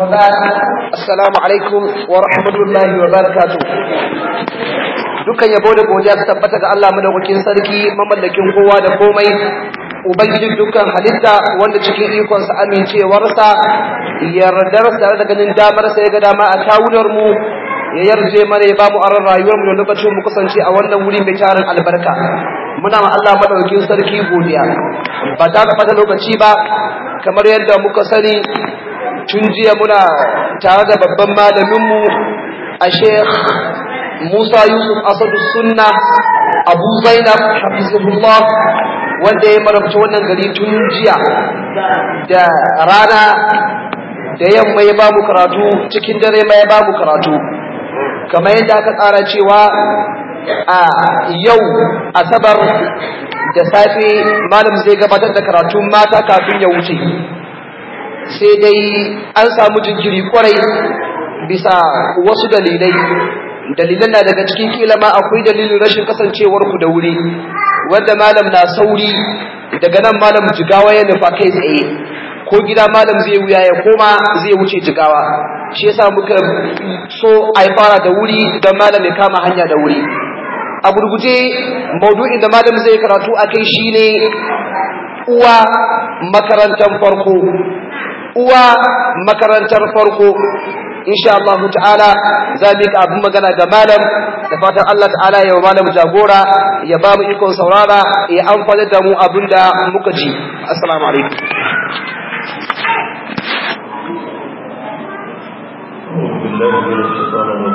Assalamu alaikum wa rahmatullahi wa barakatuh. Dukan yabo da godiya su tabbata ga Allah madaukakin sarki mamallakin kowa da komai Ubangijin dukkan halitta wanda cikin ikonsa amincewarsa yardarsa da ganin damarsa ya ga dama a tawunar mu ya yarje mana ya bamu aran rayuwar mu da lokacin mu kusance a wannan wuri mai tarin albarka muna ma Allah madaukakin sarki godiya ba ta ka lokaci ba kamar yadda muka sani tun jiya muna tare da babban malaminmu a sheikh musa yusuf asadu sunna abu zainab hafizullah wanda ya marabta wannan gari tun jiya da rana da yamma ya babu karatu cikin dare ma ya babu karatu kamar yadda aka tsara cewa a yau asabar da safe malam zai gabatar da karatun mata kafin ya wuce sai dai an samu jinkiri kwarai bisa wasu dalilai dalilan na daga cikin kila ma akwai dalilin rashin kasancewar ku da wuri wanda malam na sauri daga nan malam jigawa ya nufa kai tsaye ko gida malam zai wuya ya koma zai wuce jigawa shi yasa muka so a fara da wuri don malam ya kama hanya da wuri a gurguje maudu'in da malam zai karatu a kai shine uwa makarantar farko uwa makarantar farko insha Allah ta'ala za mu ka abin magana da malam da fatan Allah ta'ala ya wa malam jagora ya ba mu ikon saurara ya amfani da mu abin da muka ji assalamu alaikum بسم الله الرحمن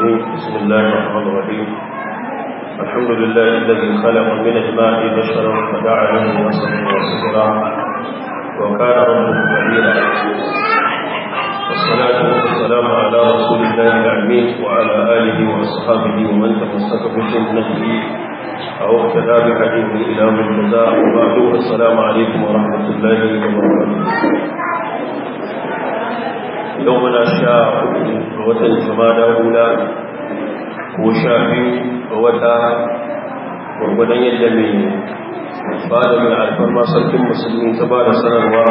الرحيم الحمد لله الذي خلق من الماء بشرا فجعله له وصفا وصفرا وكان ربه بعيدا والصلاة والسلام على رسول الله الأمين وعلى آله وأصحابه ومن تمسك بسنته أو اقتدى بحديث إلى من جزاء وبعد السلام عليكم ورحمة الله وبركاته يومنا شاء وتنجمانا أولى ko sha biyu ga wata gwargwadon yadda mai ba da mai alfarma sarkin musulmi ta ba da sanarwa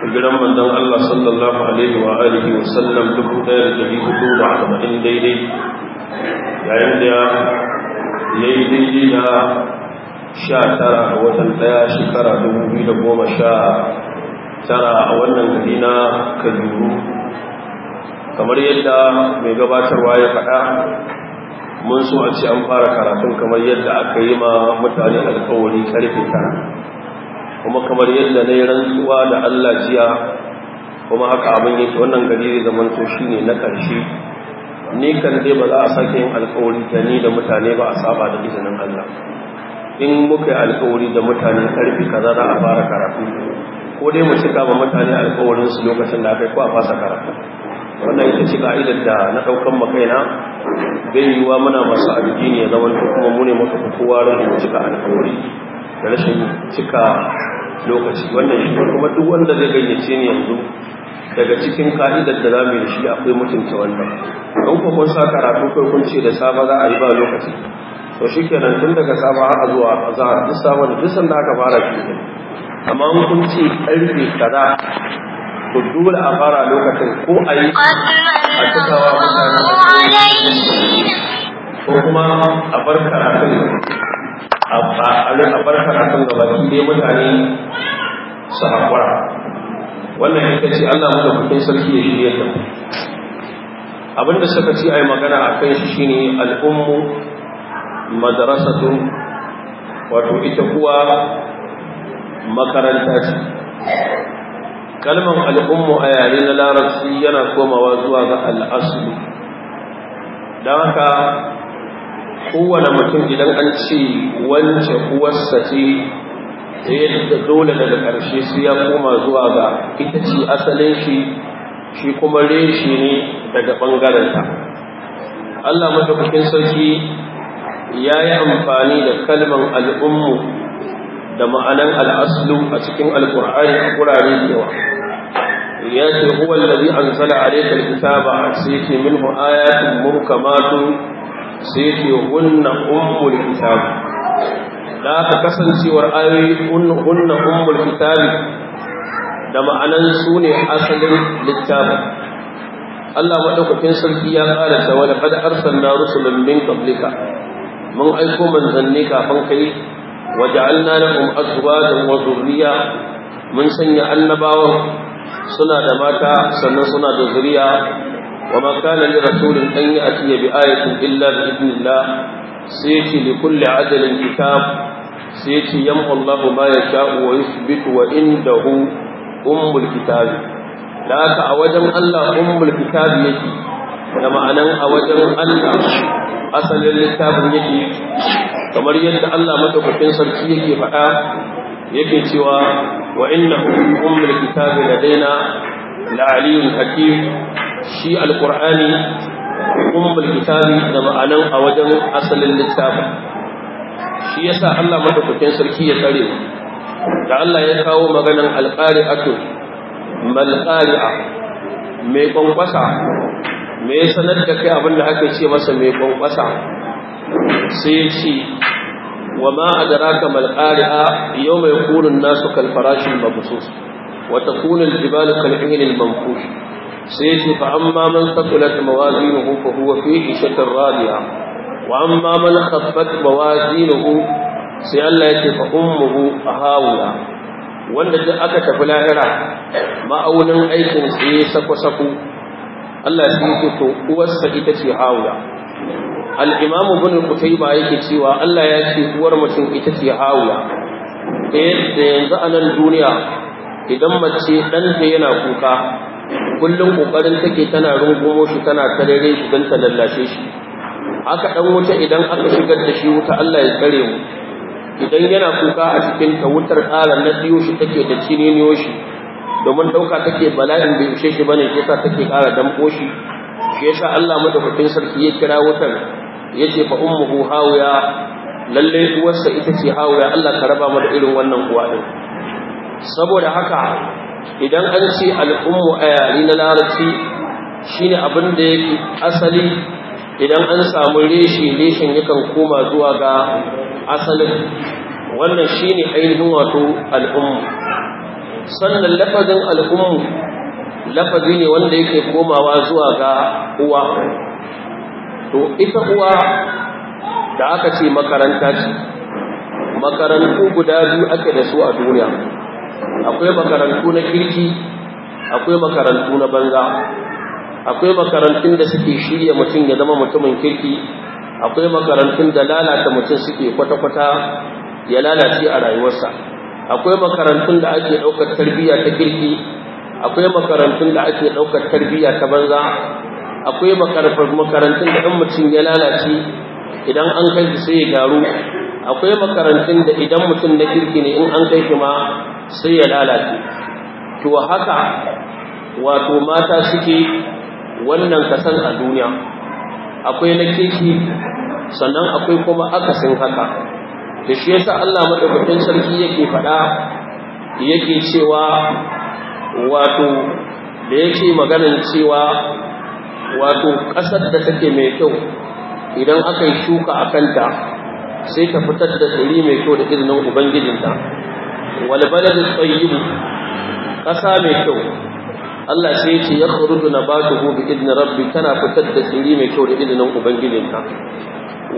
hijiran manzon Allah sallallahu alaihi wa alihi wa sallam duk ɗaya da ɗari hudu da arba'in daidai yayin da ya yi daidai na sha tara a watan ɗaya shekara dubu biyu da goma sha tara a wannan gari na Kaduna kamar yadda mai gabatarwa ya faɗa mun so a ce an fara karatun kamar yadda aka yi ma mutane alkawari karfe tara kuma kamar yadda na yi rantsuwa da allah jiya kuma haka abin yake wannan gari da zaman to shi ne na ƙarshe ni kan dai ba za a sake yin alkawari da ni da mutane ba a saba da izinin allah in muka yi alkawari da mutane karfe kaza za a fara karatu ko dai mu cika ma mutane su lokacin da aka yi ko a fasa karatu wannan ita ce ka'idar da na ɗaukan makaina bai yiwuwa muna masu addini ne zama kuma mune ne muka da kowa cika alkawari da rashin cika lokaci wannan shi kuma duk wanda zai gayyace ni yanzu daga cikin ka'idar da zamu yi shi akwai mutunta wannan don ko kun sa karatu kai kun ce da safa za a yi ba lokaci to shikenan tun daga safa har zuwa azhar duk safa da duk sanda aka fara shi amma kun ce karfe kaza ku dole a fara lokacin ko a yi a cikawa mutane, ko kuma a bar karatun a bar karatun ga baki dai mutane su haƙura wannan ita ce Allah mu da kuɗin sarki ya shirya Abin da suka ci a yi magana a kan shi shine al'ummu madarasatun wato ita kuwa makaranta ce kalmar al'ummu a yare na larabci yana komawa zuwa ga al'asulu don haka kowane mutum idan an ce wance uwarsa ce yadda dole daga ƙarshe su ya koma zuwa ga ita ce asalin shi shi kuma reshe ne daga ɓangarenta allah maɗaukakin sarki ya yi amfani da kalmar al'ummu da ma'anan al'aslu a cikin alkur'ani a kurare yawa ya ce huwa allazi anzala alayka alkitaba sai a minhu min muhkamatun sai ce hunna ummul kitab da aka kasancewar ayoyi hunna ummul kitab da ma'anan su ne asalin littafin Allah maɗaukacin sarki ya ƙara da wani qad arsalna rusulun min qablika mun aiko manzanni kafin kai Waje lahum azwajan wa dhurriya mun sanya annabawan suna da mata sannan suna da zuriya wa ma kana li rasulin an ya'ti bi ayatin illa bi idnillah sayati li kulli ajalin kitab sayati yamhu Allahu ma yasha'u wa yuthbitu wa indahu ummul kitab da haka a wajen Allah ummul kitab yake da ma'anan a wajen Allah asalin littafin yake kamar yadda Allah madaukakin sarki yake faɗa yake cewa wa innahu ummul kitabi ladaina aliyun hakim shi alqur'ani ummul kitabi da ma'anan a wajen asalin littafin shi yasa Allah madaukakin sarki ya tsare da Allah ya kawo maganan alqari'atu mal qari'a mai kwankwasa Mai sanar da kai abin da aka ce masa mai kwankwasa sai ya ce wa ma adraka mal qari'a yawma yakunu an-nasu kal farashin mabsus wa takunu al-jibalu kal ihn al-manfush sai ya ce fa amma man thaqulat mawazinuhu fa huwa fi ishatin radiya wa amma man khaffat mawazinuhu sai Allah ya ce fa a hawiya wanda duk aka tafi lahira ma'aunin aikin sai sako-sako Allah shi yake to uwarsa ita ce Hawla al-Imam Ibn Qutayba yake cewa Allah ya ce uwar mutum ita ce Hawla da yanzu a nan duniya idan mace ɗanta yana kuka kullum kokarin take tana rungumo shi tana tarere shi don ta lallace shi Aka ɗan wuta idan aka shigar da shi wuta Allah ya tsare mu idan yana kuka a cikin ta wutar ƙara na biyo shi take da cininiyo shi domin ɗauka take bala'in bai ishe shi bane yasa take ƙara damƙo shi shi yasa Allah madaukakin sarki ya kira wutar yace fa ummuhu hawiya lalle uwarsa ita ce hawiya Allah ka raba mu da irin wannan uwa din saboda haka idan an ce al'ummu a yare na larabci shine abin da yake asali idan an samu reshe reshen yakan koma zuwa ga asalin wannan shine ainihin wato al'ummu sannan lafazin al'ummu lafazi ne wanda yake komawa zuwa ga uwa to ita uwa da aka ce makaranta ce makarantu guda biyu ake da su a duniya akwai makarantu na kirki akwai makarantu na banza akwai makarantun da suke shirya mutum ya zama mutumin kirki akwai makarantun da lalata mutum suke kwata-kwata ya lalace a rayuwarsa akwai makarantun da ake ɗaukar tarbiyya ta kirki akwai makarantun da ake ɗaukar tarbiyya ta banza akwai makarantun da ɗan mutum ya lalace idan an kai shi sai ya garu akwai makarantun da idan mutum na kirki ne in an kai shi ma sai ya lalace to haka wato mata suke wannan kasan a duniya akwai na kirki sannan akwai kuma akasin haka da shi yasa Allah madaukakin sarki yake faɗa yake cewa wato da yake maganar cewa wato ƙasar da take mai kyau idan aka yi shuka a kanta sai ta fitar da tsiri mai kyau da izinin ubangijinta da tsayin ƙasa mai kyau Allah sai ya ce ya khuruju nabatuhu bi idni rabbi tana fitar da tsiri mai kyau da izinin ubangijinta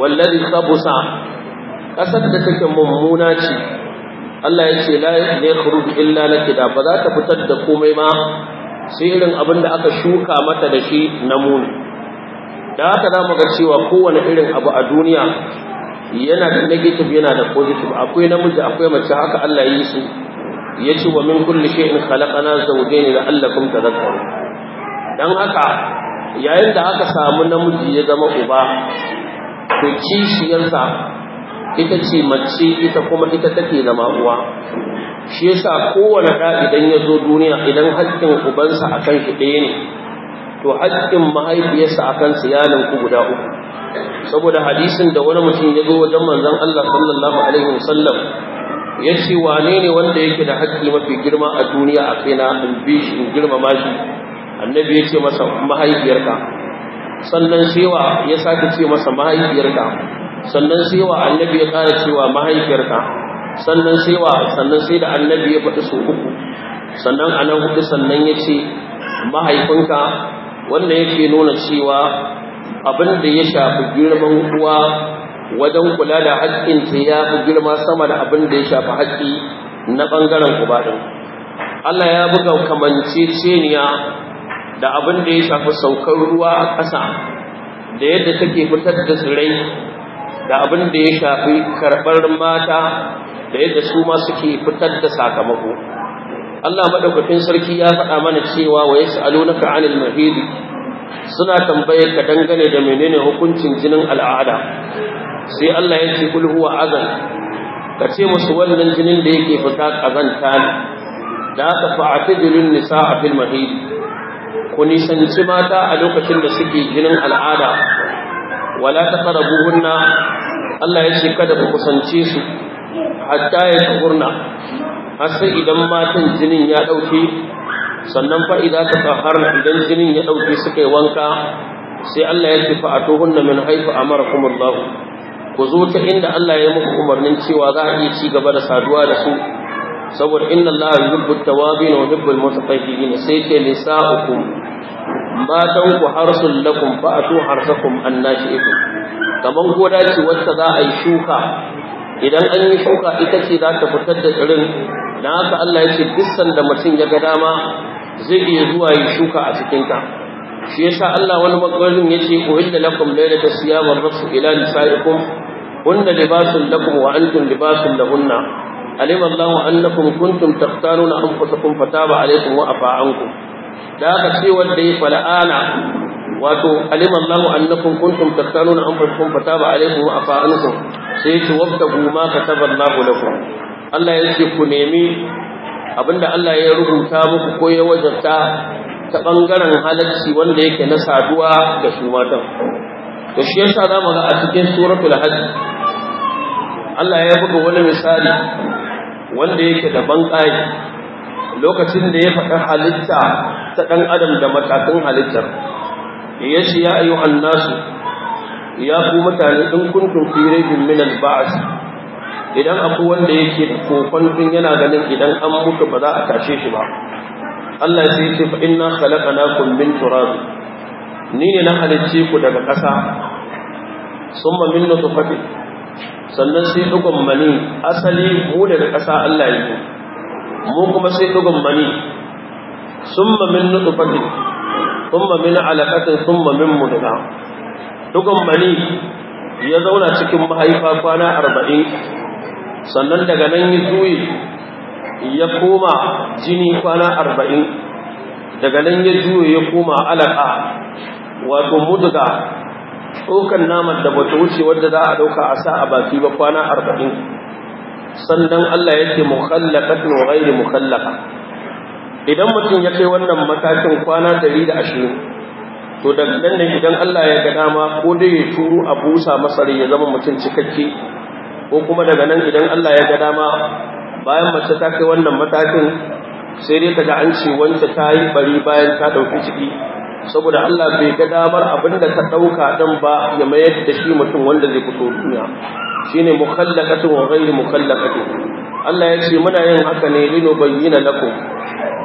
walladi kabusa Kasar da take mummuna ce Allah ya ce la ya khuru illa nakida ba za ta fitar da komai ma sai irin abin da aka shuka mata da shi na muni da haka za mu ga cewa kowane irin abu a duniya yana da negative yana da positive akwai namiji akwai mace haka Allah ya yi su ya ce wa min kulli shay'in khalaqana zawjayn la'allakum tadhakkarun dan haka yayin da aka samu namiji ya zama uba to kishiyarsa ita ce mace ita kuma ita take zama uwa shi yasa kowane ɗa idan ya zo duniya idan haƙƙin ubansa a kan shi ɗaya ne to haƙƙin mahaifiyarsa a kan siyanin ku guda uku saboda hadisin da wani mutum ya zo wajen manzon Allah sallallahu alaihi wasallam ya ce wane ne wanda yake da haƙƙi mafi girma a duniya a kaina in bi shi in girmama shi annabi ya ce masa mahaifiyarka sannan shewa ya sake ce masa mahaifiyarka sannan sai wa annabi ya kara cewa mahaifiyarka sannan sai wa sannan sai da annabi ya faɗi sau uku sannan a nan hudu sannan ya ce mahaifinka wannan yake nuna cewa abin da ya shafi girman uwa wajen kula da haƙƙinta ya fi girma sama da abin da ya shafi haƙƙi na ɓangaren kubaɗin Allah ya buga kamance kamanceceniya da abin da ya shafi saukar ruwa a ƙasa da yadda take fitar da tsirai da abin da ya shafi karɓar mata da yadda su ma suke fitar da sakamako Allah madaukakin sarki ya faɗa mana cewa wa yas'alunaka 'anil mahid suna tambayar ka dangane da menene hukuncin jinin al'ada sai Allah ya ce kul huwa azan ka ce musu wannan jinin da yake fita kazanta ne da aka fa'atidilun nisa'a fil mahid ku nisanci mata a lokacin da suke jinin al'ada wala taqrabuhunna Allah ya ce kada ku kusance su hatta ya tuhurna har sai idan matan jinin ya ɗauke, sannan fa idan ta idan jinin ya ɗauke suka yi wanka sai Allah ya ce fa atuhunna min haifu amarakumullah ku zo ta inda Allah ya muku umarnin cewa za a iya ci gaba da saduwa da su saboda inna Allah yuhibbu at-tawabin wa yuhibbu al ne, sai ke uku matan ku harsun lakum fa atu harsakum annashi'ikum kaman goda ce wacce za a yi shuka idan an yi shuka ita ce za ta fitar da tsirin na haka Allah ya ce bisan da mutum ya ga dama zai iya zuwa yi shuka a cikinta. ta shi yasa Allah wani magwarin ya ce uhilla lakum laylata siyamar rasu ila nisaikum hunna libasun lakum wa antum libasun lahunna alim Allah annakum kuntum taqtanuna anfusakum fataba alaykum wa afa ankum da aka ce wanda ya fala'ana wato aliman Allah annakum kuntum takhtanuna anfusakum fataba alaykum wa afa ankum sai yace wabtagu ma kataba Allah lakum Allah ya ce ku nemi abinda Allah ya rubuta muku ko ya wajarta ta bangaren halacci wanda yake na saduwa da su matan to shi yasa zamu ga a cikin suratul hajj Allah ya buga wani misali wanda yake da banƙai lokacin da ya faɗa halitta ta ɗan adam da matakan halittar ya shi ya ayyu annasu ya ku mutane in kuntum fi raibin min al idan aku wanda yake kokon ɗin yana ganin idan an mutu ba za a tashe shi ba Allah ya ce fa inna khalaqnakum min turab ni ne na halicce ku daga ƙasa summa min nutfati sannan sai dukan mani asali mu daga ƙasa Allah ya yi mu kuma sai dugun mani summa min nutfatin summa min alaqatin summa min mudghah dugun mani ya zauna cikin mahaifa kwana arba'in sannan daga nan ya zuwi ya koma jini kwana arba'in daga nan ya zuwe ya koma alaƙa wato mudga tsokan naman da bata wuce wadda za a ɗauka a sa a baki ba kwana arba'in sannan Allah yake mukhallaqatun wa ghairu mukhallaqa idan mutum ya kai wannan matakin kwana 120 to daga nan ne idan Allah ya ga dama ko dai ya turo a busa masar ya zama mutum cikakke ko kuma daga nan idan Allah ya ga dama bayan mace ta kai wannan matakin sai dai kaga an ce wanda ta yi bari bayan ta dauki ciki saboda Allah bai ga damar abin da ka ɗauka dan ba ya mayar da shi mutum wanda zai fito duniya shine mukallaqatun wa ghairu mukallaqatun Allah ya ce muna yin haka ne lino bayyana lakum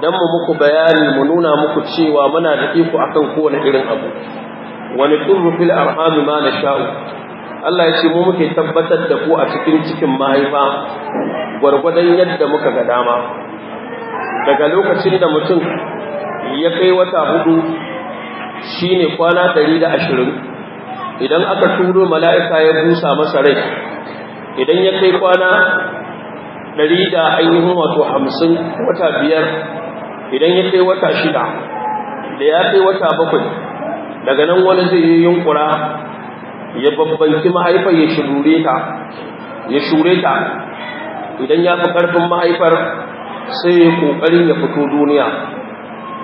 dan mu muku bayani mu nuna muku cewa muna da iko akan kowane irin abu wa nuqirru fil arham ma nasha'u Allah ya ce mu muke tabbatar da ku a cikin cikin mahaifa gwargwadon yadda muka ga dama daga lokacin da mutum ya kai wata hudu Shi ne kwana ɗari da ashirin idan aka turo mala'ika ya busa masa rai idan ya kai kwana ɗari da ainihin wato hamsin wata biyar idan ya kai wata shida da ya kai wata bakwai daga nan wani zai yi yunkura ya babbanci mahaifar ya shure ta ya shure ta idan ya fi ƙarfin mahaifar sai ya ƙoƙarin ya fito duniya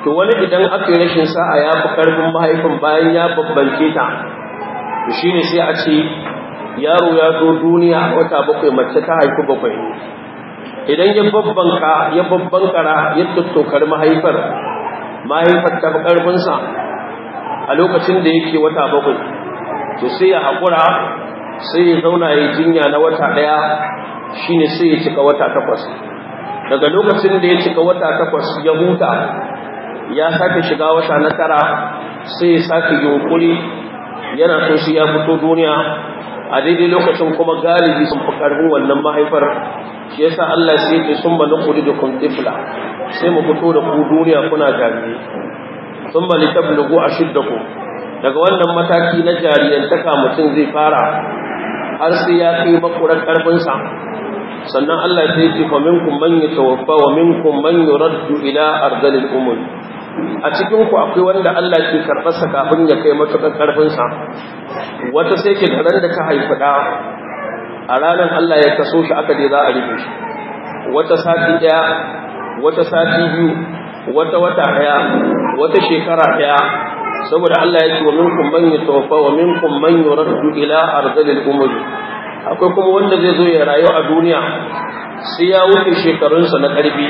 to wani idan aka yi rashin sa'a ya fi ƙarfin mahaifin bayan ya babbance ta to shine sai a ce yaro ya zo duniya wata bakwai mace ta haifi bakwai idan ya babbanka ya babbankara ya tattokar mahaifar mahaifar ta fi ƙarfinsa a lokacin da yake wata bakwai to sai ya haƙura sai ya zauna ya jinya na wata ɗaya shine sai ya cika wata takwas daga lokacin da ya cika wata takwas ya huta ya sake shiga wata na tara sai ya sake yunkuri yana so shi ya fito duniya a daidai lokacin kuma galibi sun fi ƙarfin wannan mahaifar shi yasa Allah sai ya ce sun ba nukuri da kun tifla sai mu fito da ku duniya kuna jami'i sun ba litablugu a ku. daga wannan mataki na jariyantaka mutum zai fara har sai ya kai makurar ƙarfinsa sannan Allah sai ya ce fa minkum man yatawaffa wa minkum man yuraddu ila ardalil umur a cikin ku akwai wanda Allah ke karɓarsa kafin ya kai matuƙar ƙarfinsa wata sai ke ran da ka haifi ɗa a ranar Allah ya kaso shi aka je za a rufe shi wata sati ɗaya wata sati biyu wata wata ɗaya wata shekara ɗaya saboda Allah ya ce wa minkum man yatawaffa wa minkum man yuraddu ila ardil umur akwai kuma wanda zai zo ya rayu a duniya sai ya wuce shekarunsa na ƙarfi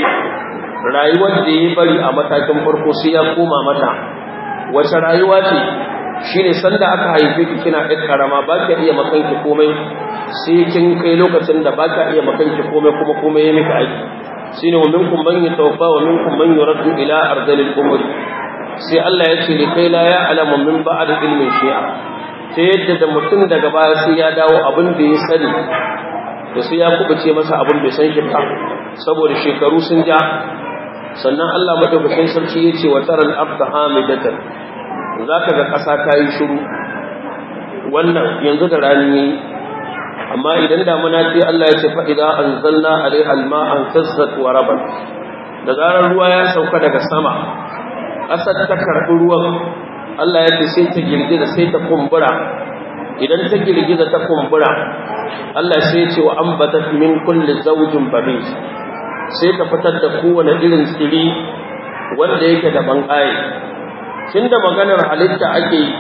rayuwar da ya bari a matakin farko sai ya koma mata wace rayuwa ce shi ne sanda aka haife ki kina ɗan karama ba ka iya makanki komai sai kin kai lokacin da ba ka iya makanki komai kuma komai ya miki aiki shi ne wa kumban yi taufa wa kumban yi raddu ila arzalin umri sai Allah ya ce kai la ya alamu min ba'ad shi shi'a ta yadda da mutum daga baya sai ya dawo abin da ya sani da sai ya kubuce masa abin bai san shi ba saboda shekaru sun ja sannan Allah madaukakin sarki yace wa taral abda hamidatan zaka ga ƙasa ta yi shiru wannan yanzu da rani amma idan damuna ce Allah ya ce fa idza anzalna alaiha an tazzat wa rabat da zarar ruwa ya sauka daga sama ƙasar ta karɓi ruwan Allah ya ce sai ta girgiza sai ta kumbura idan ta girgiza ta kumbura Allah sai ya ce wa ambatat min kulli zawjin babis sai ka fitar da kowane irin tsiri wanda yake da bangaye tun da maganar halitta ake yi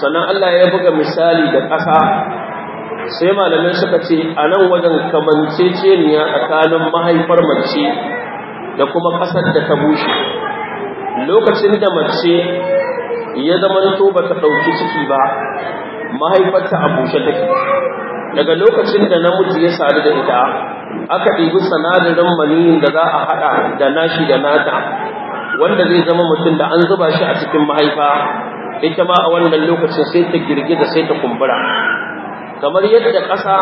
sannan Allah ya buga misali da ƙasa sai malamai suka ce a nan wajen kamanceceniya tsakanin mahaifar mace da kuma ƙasar da ta bushe lokacin da mace ya zama to ba ta ɗauki ciki ba mahaifarta a bushe take daga lokacin da namiji ya sadu da ita aka ɗibi sanadarin maniyin da za a haɗa da nashi da nata wanda zai zama mutum da an zuba shi a cikin mahaifa ita ma a wannan lokacin sai ta girgiza sai ta kumbura kamar yadda ƙasa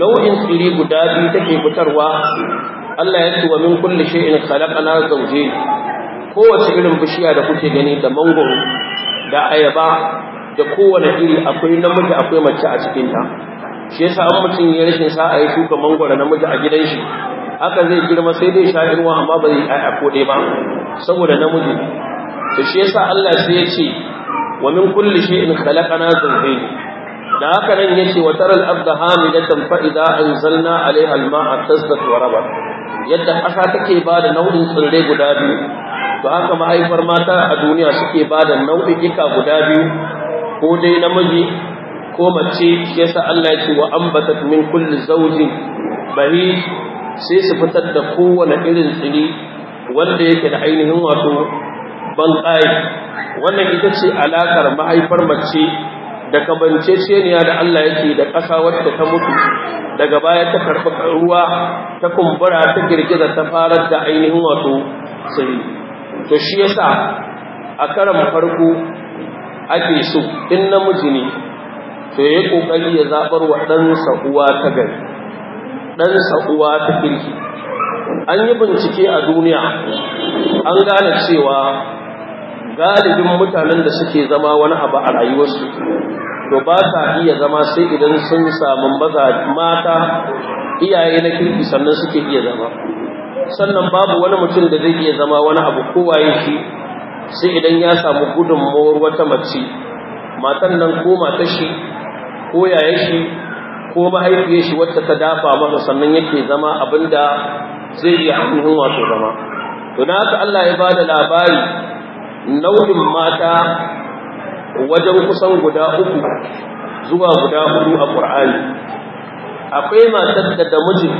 nau'in tsiri guda biyu take fitarwa Allah ya tuwa kulle min kulli shay'in khalaqana zawjayn kowace irin bishiya da kuke gani da mangoro da ayaba da kowane iri akwai namiji akwai mace a cikinta shi yasa an mutum ya rashin a yi shuka mangwara namiji a gidan shi haka zai girma sai dai sha ruwa amma ba zai ai a kode ba saboda namiji to shi yasa Allah sai ya ce wa min kulli shay'in khalaqana zawjayn da haka nan yace wa taral abda hamidatan fa idza anzalna alaiha alma'a tasdat wa rabat yadda ƙasa take ba da nau'in tsirrai guda biyu to haka mahaifar mata a duniya suke ba da nau'ika guda biyu ko dai namiji ko mace yasa Allah ya wa ambatat min kulli zawjin bari sai su fitar da kowane irin tsiri wanda yake da ainihin wato ban wannan ita ce alakar mahaifar mace da kabance kamanceceniya da Allah yake da ƙasa wadda ta mutu daga baya ta karɓi ruwa ta kumbura ta girgiza ta farar da ainihin wato tsiri to shi yasa a karan farko ake so in namiji ne to ya kokari ya zabar wa ɗansa uwa ta gari ɗansa uwa ta kirki an yi bincike a duniya an gane cewa galibin mutanen da suke zama wani abu a rayuwarsu to ba ta iya zama sai idan sun samu maza mata iyaye na kirki sannan suke iya zama sannan babu wani mutum da zai iya zama wani abu kowaye shi sai idan ya samu gudunmuwar wata mace matan nan ko matashi ko yaye shi ko mahaifiyar shi wacce ta dafa masa sannan yake zama abinda zai yi ainihin wato zama to na haka Allah ya bada labari nau'in mata wajen kusan guda uku zuwa guda hudu a Qur'ani akwai matar da da mijin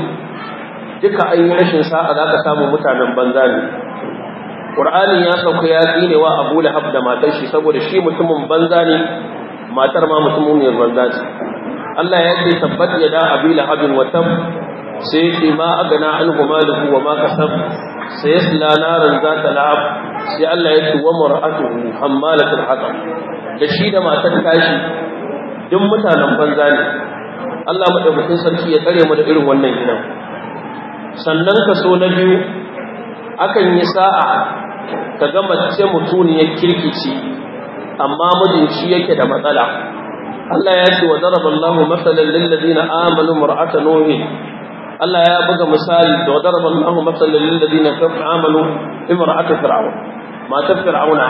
duka an yi rashin sa'a za ka samu mutanen banza ne Qur'ani ya sauka ya tsinewa Abu Lahab da matar shi saboda shi mutumin banza ne matar ma musulmiyar banza ce Allah ya ce tabbat ya da abi lahabin wa tab sai ce ma agana anhu maluhu wa ma kasab sai yasla naran zata la'ab sai Allah ya ce wa mar'atuhu hammalatul hatab da shi da matar tashi duk mutanen banza ne Allah madaukakin sarki ya tsare mu da irin wannan gidan sannan ka so na biyu akan yi sa'a ka ga mace mutuniyar kirkici amma mijin shi yake da matsala Allah ya ce wa daraba masalan lil ladina amanu mar'ata nuhi Allah ya buga misali da wa daraba masalan lil ladina amanu imra'ata fir'aun matar fir'auna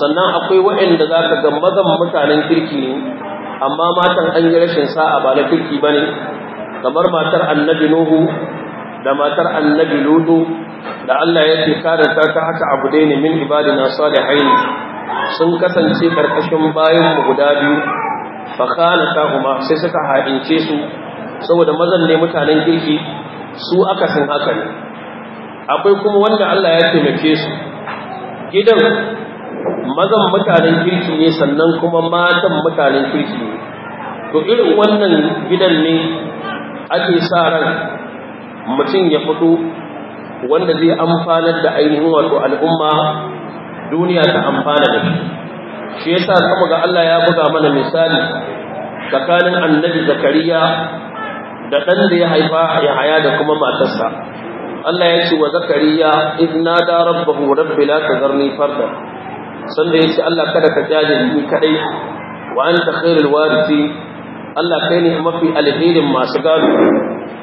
sannan akwai waɗanda zaka ga mazan mutanen kirki ne amma matan an yi rashin sa'a ba na kirki bane kamar matar annabi nuhu da matar annabi lutu da Allah ya ce karanta ta haka abu dai ne min ibadina salihaini sun kasance ƙarƙashin bayanmu guda biyu fa khalata huma sai suka haɗince su saboda mazan ne mutanen kirki su akasin haka ne akwai kuma wanda Allah ya taimake su gidan mazan mutanen kirki ne sannan kuma matan mutanen kirki ne to irin wannan gidan ne ake sa ran mutum ya fito wanda zai amfanar da ainihin wato al'umma duniya ta amfana da shi shi yasa kuma ga Allah ya buga mana misali tsakanin annabi zakariya da ɗan da ya haifa ya haya da kuma matarsa Allah ya ce wa zakariya idna da rabbahu rabbi la tazarni farda sanda yace Allah kada ka jaje ni kadai wa anta khairul ce. Allah kai ne mafi alherin masu gado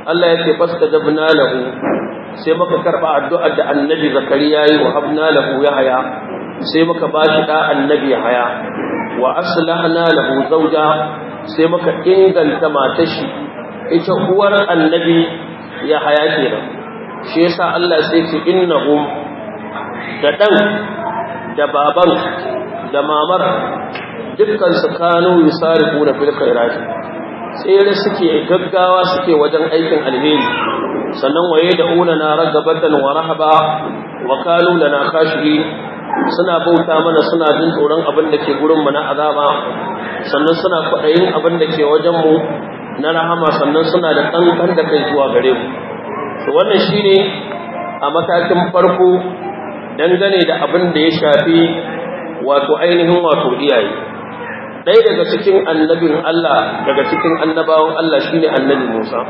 Allah ya ce fastajabna lahu sai muka karba addu'ar da annabi zakariya yi wa abna lahu haya. sai muka ba shi da annabi haya wa aslahna lahu zawja sai muka inganta matar shi ita uwar annabi ya haya kenan shi yasa Allah sai ce innahum da dan da baban da mamar dukkan su kanu yusarifu da fil khairati tsere suke gaggawa suke wajen aikin alheri sannan waye da una na ragabatan wa rahaba wa kanu lana suna bauta mana suna jin tsoron abin da ke gurinmu na azaba sannan suna kwaɗayin abin da ke wajenmu na rahama sannan suna da ɗanɗan da kai zuwa gare mu to wannan shine a matakin farko dangane da abin da ya shafi wato ainihin wato iyaye ɗaya daga cikin annabin Allah daga cikin annabawan Allah shine annabi Musa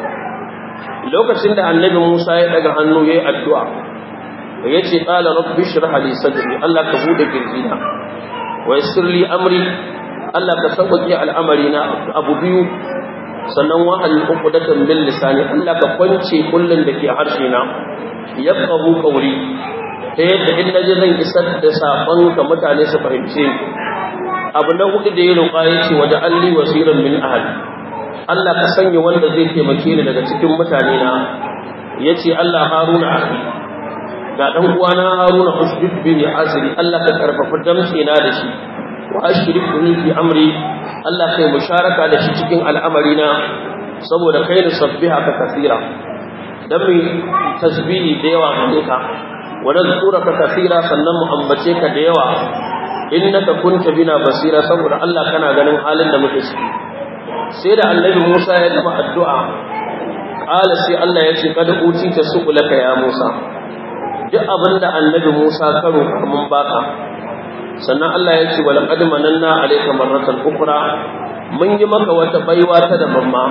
lokacin da annabi Musa ya daga hannu ya yi addu'a yace qala rabbi shrah li sadri Allah ka bude kirjina wa yassir li amri Allah ka sauƙaƙe al'amari na abu biyu sannan wa uku uqdatan min lisani Allah ka kwance kullun da ke harshe na yafqahu qawli ta yadda in naji zan isar da sakon ka mutane su fahimce abu na hudu da ya roƙa yace waje alli wasiran min ahli Allah ka sanya wanda zai taimake ni daga cikin mutane na yace Allah Haruna akhi ga dan uwana haruna biyu bin asiri Allah ka karfafa damtsina da shi wa ashriku fi amri Allah kai musharaka da shi cikin al'amarina, saboda kai da sabbiha ka kasira dan tasbihi da yawa gare ka wa ka kasira sannan mu ambace ka da yawa innaka kunta bina basira saboda Allah kana ganin halin da muke ciki sai da annabi Musa ya tafi addu'a qala sai Allah ya ce kad utita suqulaka ya Musa duk abin da annabi Musa karo mun baka sannan Allah ya ce wal qad mananna alayka marratan ukhra mun yi maka wata baiwa ta daban ma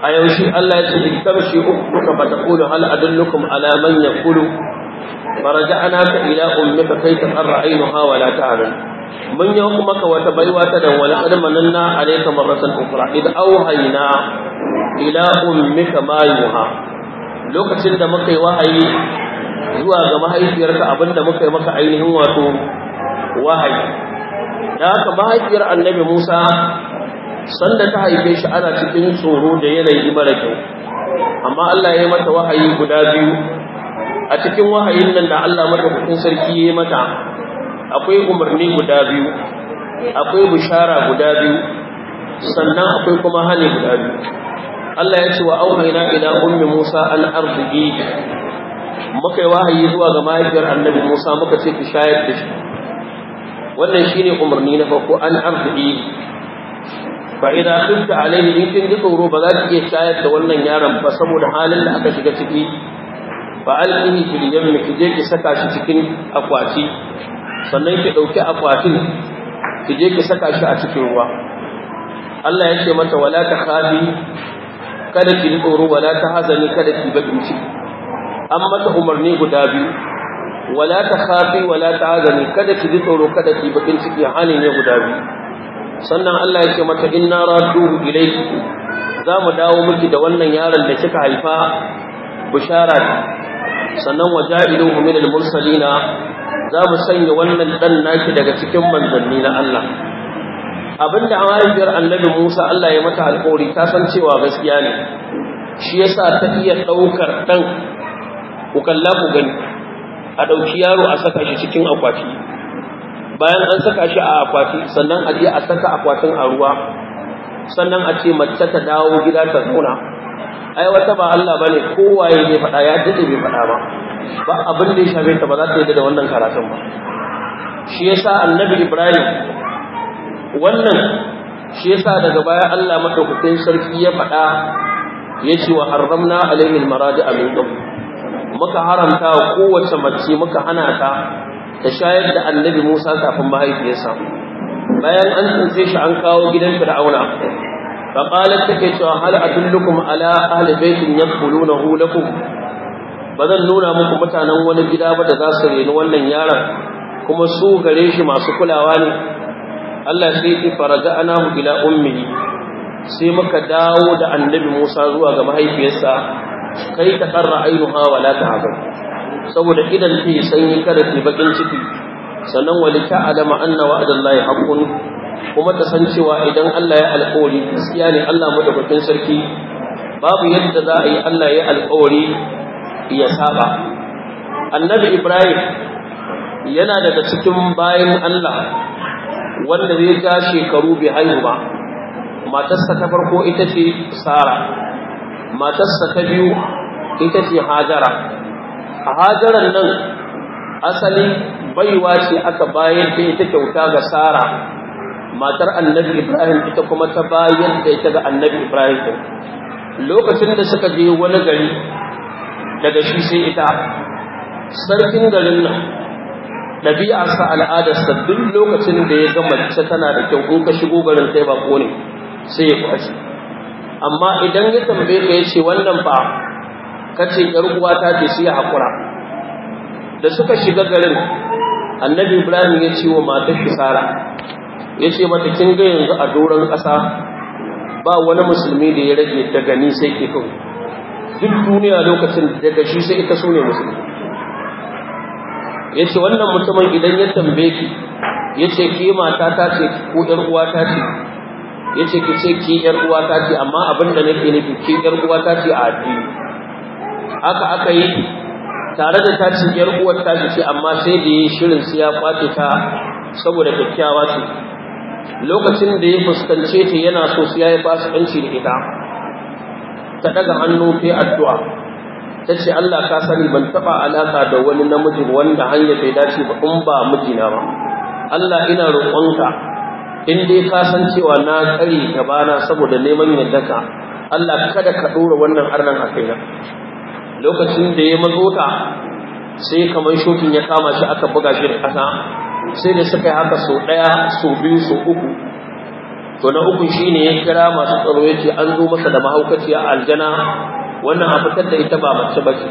a yaushe Allah ya ce iktamshi ukhruka fa taqulu hal adullukum ala man yaqulu faraja'naka ila ummika kay taqarra aynuha wa la ta'ala mun yi maka wata baiwa ta dan wal qad mananna alayka marratan ukhra id awhayna ila ummika ma yuha lokacin da muka yi wahayi zuwa ga mahaifiyarka abinda muka yi maka ainihin wato wahayi da haka mahaifiyar annabi Musa sanda ta haife shi ana cikin tsoro da yanayi mara kyau amma Allah ya yi mata wahayi guda biyu a cikin wahayin nan da Allah mata madaukakin sarki ya yi mata akwai umarni guda biyu akwai bishara guda biyu sannan akwai kuma hani guda biyu Allah ya ce wa auhaina ina ummi Musa an arziki muka yi wahayi zuwa ga mahaifiyar annabi Musa muka ce ki shayar da shi wannan shine umarni na farko an arziki fa idan kunta alaihi in kin ji tsoro ba za ki iya shayar da wannan yaron ba saboda halin da aka shiga ciki fa alqihi fil yammi ki je ki saka shi cikin akwati sannan ki dauki akwatin ki je ki saka shi a cikin ruwa Allah ya ce mata wala ta khabi kada ki tsoro wala ta hazani kada ki bakin ciki an mata umarni guda biyu wala ta khafi wala ta'azani kada ki ji tsoro kada ki bakin ciki hali ne guda biyu sannan Allah yake mata inna radduhu ilayki za mu dawo miki da wannan yaron da kika haifa bushara sannan waja'iluhu min al-mursalina za mu sanya wannan dan naki daga cikin manzanni na Allah abinda mahaifiyar annabi Musa Allah ya mata alƙawari ta san cewa gaskiya ne shi yasa ta iya ɗaukar ɗan ku kalla ku gani a ɗauki yaro a saka shi cikin akwati bayan an saka shi a akwati sannan a je a saka akwatin a ruwa sannan a ce mace ta dawo gida ta zauna ai wata ba Allah bane kowaye ne faɗa ya dade bai faɗa ba ba abin da ya shafe ta ba za ta yi da wannan karatun ba shi yasa annabi Ibrahim wannan shi yasa daga baya Allah madaukakin sarki ya faɗa yace wa harramna alaihi almaradi min qabl muka haramta kowace mace muka hana ta ta shayar da annabi Musa kafin mahaifiyarsa bayan an tsince shi an kawo gidan Fir'auna fa qalat take cewa hal adullukum ala ahli baitin yaqulunahu lakum bazan nuna muku mutanen wani gida ba da za su reni wannan yaron kuma su gare shi masu kulawa ne Allah sai ki faraja mu ila ummi sai muka dawo da annabi Musa zuwa ga mahaifiyarsa kai ta karra ainuha wa la ta'abu saboda idan ta yi sanyi kada ta bakin ciki sannan wali alama anna wa'adallahi haqqun kuma ta san cewa idan Allah ya alƙawari gaskiya ne Allah madaukakin sarki babu yadda za a yi Allah ya alƙawari ya saba annabi Ibrahim yana daga cikin bayan Allah wanda zai ga shekaru bai haihu ba matarsa ta farko ita ce Sara matarsa ta biyu ita ce hajara a hajaran nan asali baiwa ce aka bayar da ita kyauta ga sara matar annabi ibrahim ita kuma ta bayar da ita ga annabi ibrahim ta. lokacin da suka je wani gari daga shi sai ita sarkin garin nan ɗabi'arsa al'adarsa duk lokacin da ya gama mace tana da kyau ko ka shigo garin kai ba ko ne sai ya kwashe amma idan ya tambaye ka ce wannan fa kace yar uwa ta ce ya hakura da suka shiga garin annabi ibrahim ya ce wa matar sara ya ce mata kin ga yanzu a doron ƙasa ba wani musulmi da ya rage daga ni sai ke kawai duk duniya lokacin daga shi sai ita sune musulmi ya ce wannan mutumin idan ya tambaye ki ya ce ke mata ta ce ko 'yar uwa ce yace ki ce ki yar uwa ta ce amma abin da nake nufi ki yar uwa ta ce a addini haka aka yi tare da ta ce yar uwar ta ce amma sai da yi shirin siya ya kwace ta saboda kyakkyawa ce lokacin da ya fuskance ta yana so su yayi da ita ta daga hannu ta addu'a ta ce Allah ka sani ban taba alaka da wani namiji wanda hanyar bai dace ba in ba mijina ba Allah ina roƙonka in dai ka san cewa na tsare ka na saboda neman yadda ka Allah kada ka dora wannan arnan a kaina lokacin da ya mazota sai kamar shokin ya kama shi aka buga shi da ƙasa sai da suka yi haka sau ɗaya sau biyu sau uku to na uku shine ya kira masu tsaro ya ce an zo masa da mahaukaci a aljana wannan a fitar da ita ba mace ba ce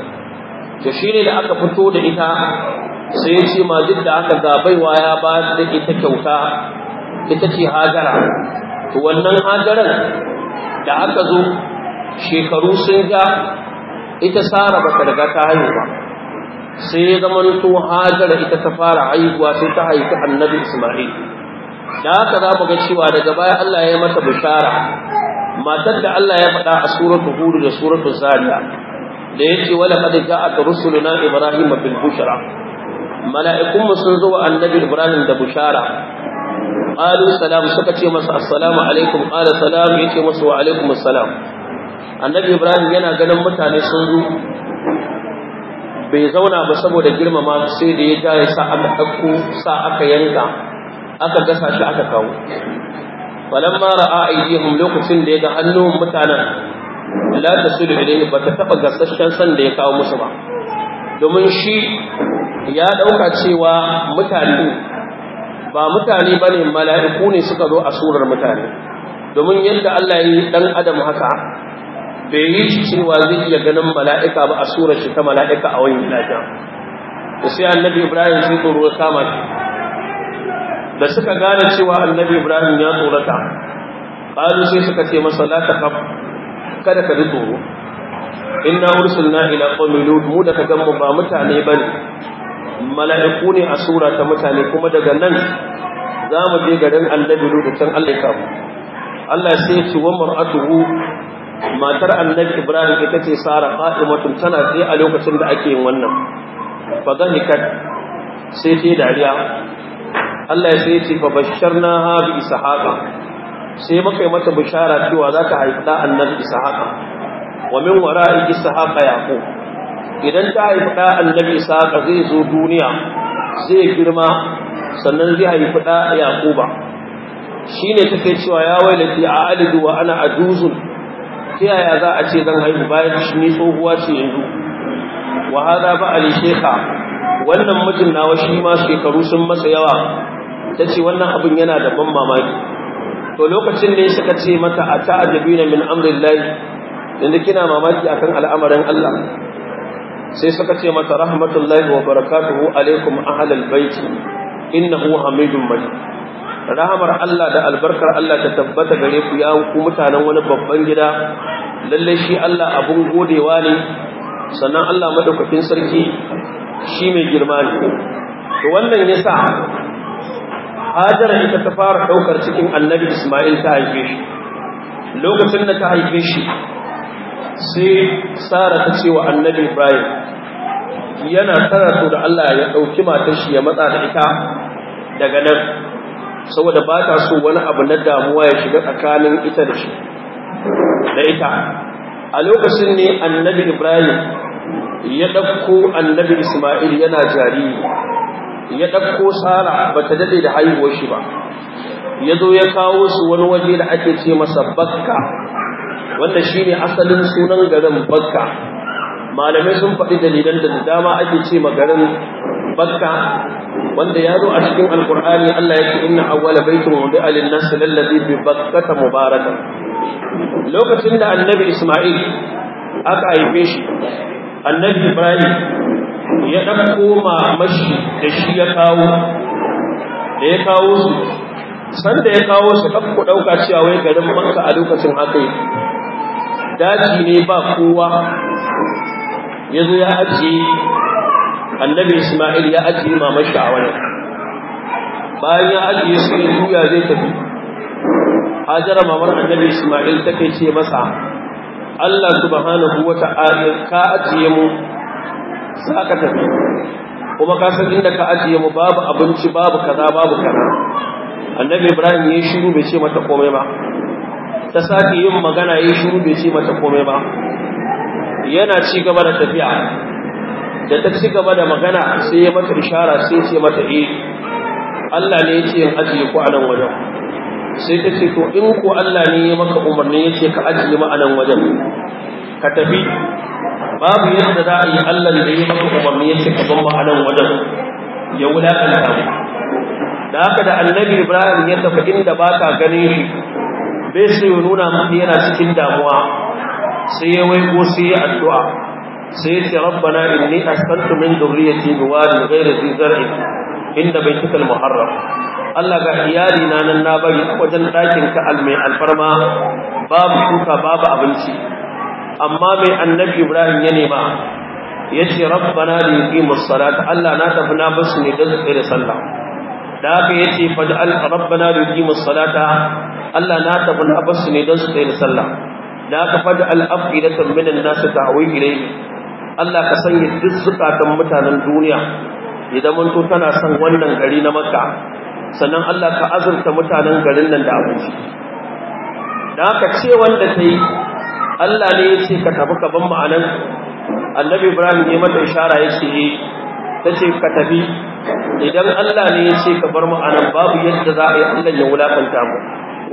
to shine da aka fito da ita sai ya ce ma duk da aka ga ya ba da ita kyauta ita ce hajara to wannan hajaran da aka zo shekaru sun ja ita sara ba ta riga ta haihu ba sai ya zama to hajara ita ta fara haihuwa sai ta haifi annabi isma'il da haka za mu ga cewa daga baya Allah ya mata bishara matar da Allah ya faɗa a suratul Hudu da suratul zariya da yake wala qad ja'at rusuluna ibrahima bil bushra mala'ikun sun zo wa annabi ibrahim da bushara qalu salam suka ce masa assalamu alaikum qala salam yace masa wa alaikum assalam annabi ibrahim yana ganin mutane sun zo bai zauna ba saboda girmama sai da ya ja ya sa aka ɗauko sa aka yanka aka gasa shi aka kawo falamma ra'a aydihim lokacin da ya ga hannu mutanen la da ilayhi ba ta taba gasasshen san da ya kawo musu ba domin shi ya dauka cewa mutane ba mutane ba ne mala'iku ne suka zo a surar mutane domin yadda Allah yi ɗan adam haka bai yi cewa zai iya ganin mala'ika ba a surar shi ta mala'ika a wani lafiya da sai annabi ibrahim sai tsoro ya kama shi da suka gane cewa annabi ibrahim ya tsorata ƙalu sai suka ce masa la ta kada ka ji tsoro inna ursulna ila lut mu da ka gamu ba mutane bane mala'iku ne a sura ta mutane kuma daga nan za mu je garin annabi da can Allah ya kamu Allah sai ya ce wa mar'atuhu matar annabi Ibrahim ita ce Sara qa'imatun tana tsaye a lokacin da ake yin wannan fa zanikat sai ta dariya Allah sai ya ce fa na ha bi ishaqa sai muka yi mata bishara cewa za ta haifi da annabi ishaqa wa min wara'i ishaqa yaqub idan ta haifi ɗa annabi saƙa zai zo duniya zai girma sannan zai haifi ɗa ne shine kai cewa ya wailati a alidu wa ana duzun ta yaya za a ce zan haihu bayan shi ni tsohuwa ce yanzu wa hada ba ali sheka wannan mijin nawa shi ma shekaru sun masa yawa ta ce wannan abin yana da ban mamaki to lokacin da suka ce mata a ta'ajabina min amrillahi inda kina mamaki akan al'amarin Allah sai suka ce mata rahmatullahi wa barakatuhu alaikum ahlal baiti innahu hamidun majid rahamar Allah da albarkar Allah ta tabbata gare ku ya ku mutanen wani babban gida lalle shi Allah abun godewa ne sannan Allah madaukakin sarki shi mai girma ne to wannan yasa Hajara ita ta fara daukar cikin Annabi Isma'il ta haife shi lokacin da ta haife shi sai tsara ta ce wa annabi ibrahim yana karatu da allah ya ɗauki matar shi ya matsa da ita daga nan saboda ba ta so wani abu na damuwa ya shiga tsakanin ita da shi da ita a lokacin ne annabi ibrahim ya ɗauko annabi ismail yana jariri ya ɗauko tsara ba ta daɗe da haihuwar shi ba ya zo ya kawo su wani waje da ake ce masa bakka wanda ne asalin sunan garin bakka malamai sun faɗi dalilan da da dama ake ce ma garin bakka wanda ya zo a cikin alkur'ani Allah ya ce inna awwala baitin wudi'a lin nasi lallazi bi bakkata mubarakan lokacin da annabi Isma'il aka haife shi annabi Ibrahim ya dan koma mashi da shi ya kawo da ya kawo su sanda ya kawo su kan ku ɗauka cewa wai garin bakka a lokacin haka daji ne ba kowa ya zo ya ajiye annabi ismail ya ajiye mamar shi a bayan ya ajiye su ne, duya zai tafi hajara mamar annabi ismail ta kai ce masa allah subhanahu wa ta'ala ka ajiye mu za ka tafi kuma ka san inda ka ajiye mu babu abinci babu kaza babu kaza annabi ibrahim ya shiru bai ce mata komai ba ta sake yin magana ya shiru bai ce mata komai ba yana ci gaba da tafiya da ta ci gaba da magana sai ya mata ishara sai ce mata eh Allah ne ya ce yin ajiye ku a nan wajen sai ta ce to in ko Allah ne ya maka umarni ce ka ajiye mu a nan wajen ka tafi babu yadda za a yi Allah da ya maka umarni ya ce ka zama a nan wajen ya wulaƙanta mu da haka da annabi Ibrahim ya tafi inda baka ganin shi bai so ya nuna mini yana cikin damuwa sai ya ko sai ya addu'a sai ya ce rabbana inni asqantu min dhurriyyati biwadin zai dhi zar'in inda cikin muharram Allah ga iyali na nan na bari wajen ɗakin ka almai alfarma babu shuka babu abinci amma mai annabi Ibrahim ya nema yace rabbana li yuqimus salata Allah na tafi na basu ne da da sallah da haka ya ce faj'al rabbana yi salata Allah na tafi na basu ne don su tsaye da sallah da haka faj'al afidatan ka nas ta'awi ilayhi Allah ka sanya duk zukatan mutanen duniya idan zama to tana son wannan gari na Makka sannan Allah ka azurta mutanen garin nan da abinci da haka ce wanda ta yi Allah ne ya ce ka tafi ka ban ma'anan annabi Ibrahim ya mata ishara ya ce eh, ta ce ka tafi idan Allah ne ya ce ka bar mu anan babu yadda za a yi Allah ya wulakanta mu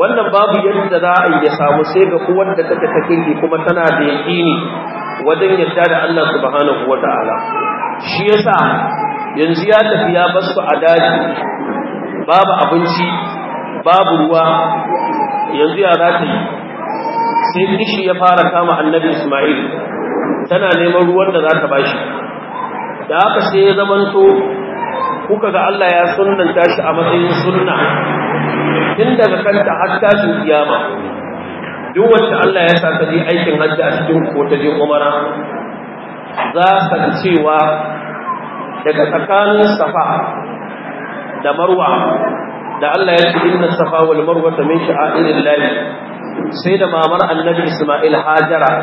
wannan babu yadda za a yi ya samu sai ga uwar da take ta kirki kuma tana da yaƙini wajen yadda da Allah subhanahu wata'ala shi yasa yanzu ya tafi ya basu a daji babu abinci babu ruwa yanzu ya za ta yi sai kishi ya fara kama annabi Ismail tana neman ruwan da za ta bashi da aka sai ya zamanto kuka ga Allah ya sunanta shi a matsayin sunna tun daga kanta har tashin kiyama duk wacce Allah ya sa ta je aikin hajji a cikin ko ta je umara za ka ji cewa daga tsakanin safa da marwa da Allah ya ce inna safa wal marwa min sha'airillah sai da mamar annabi Isma'il Hajara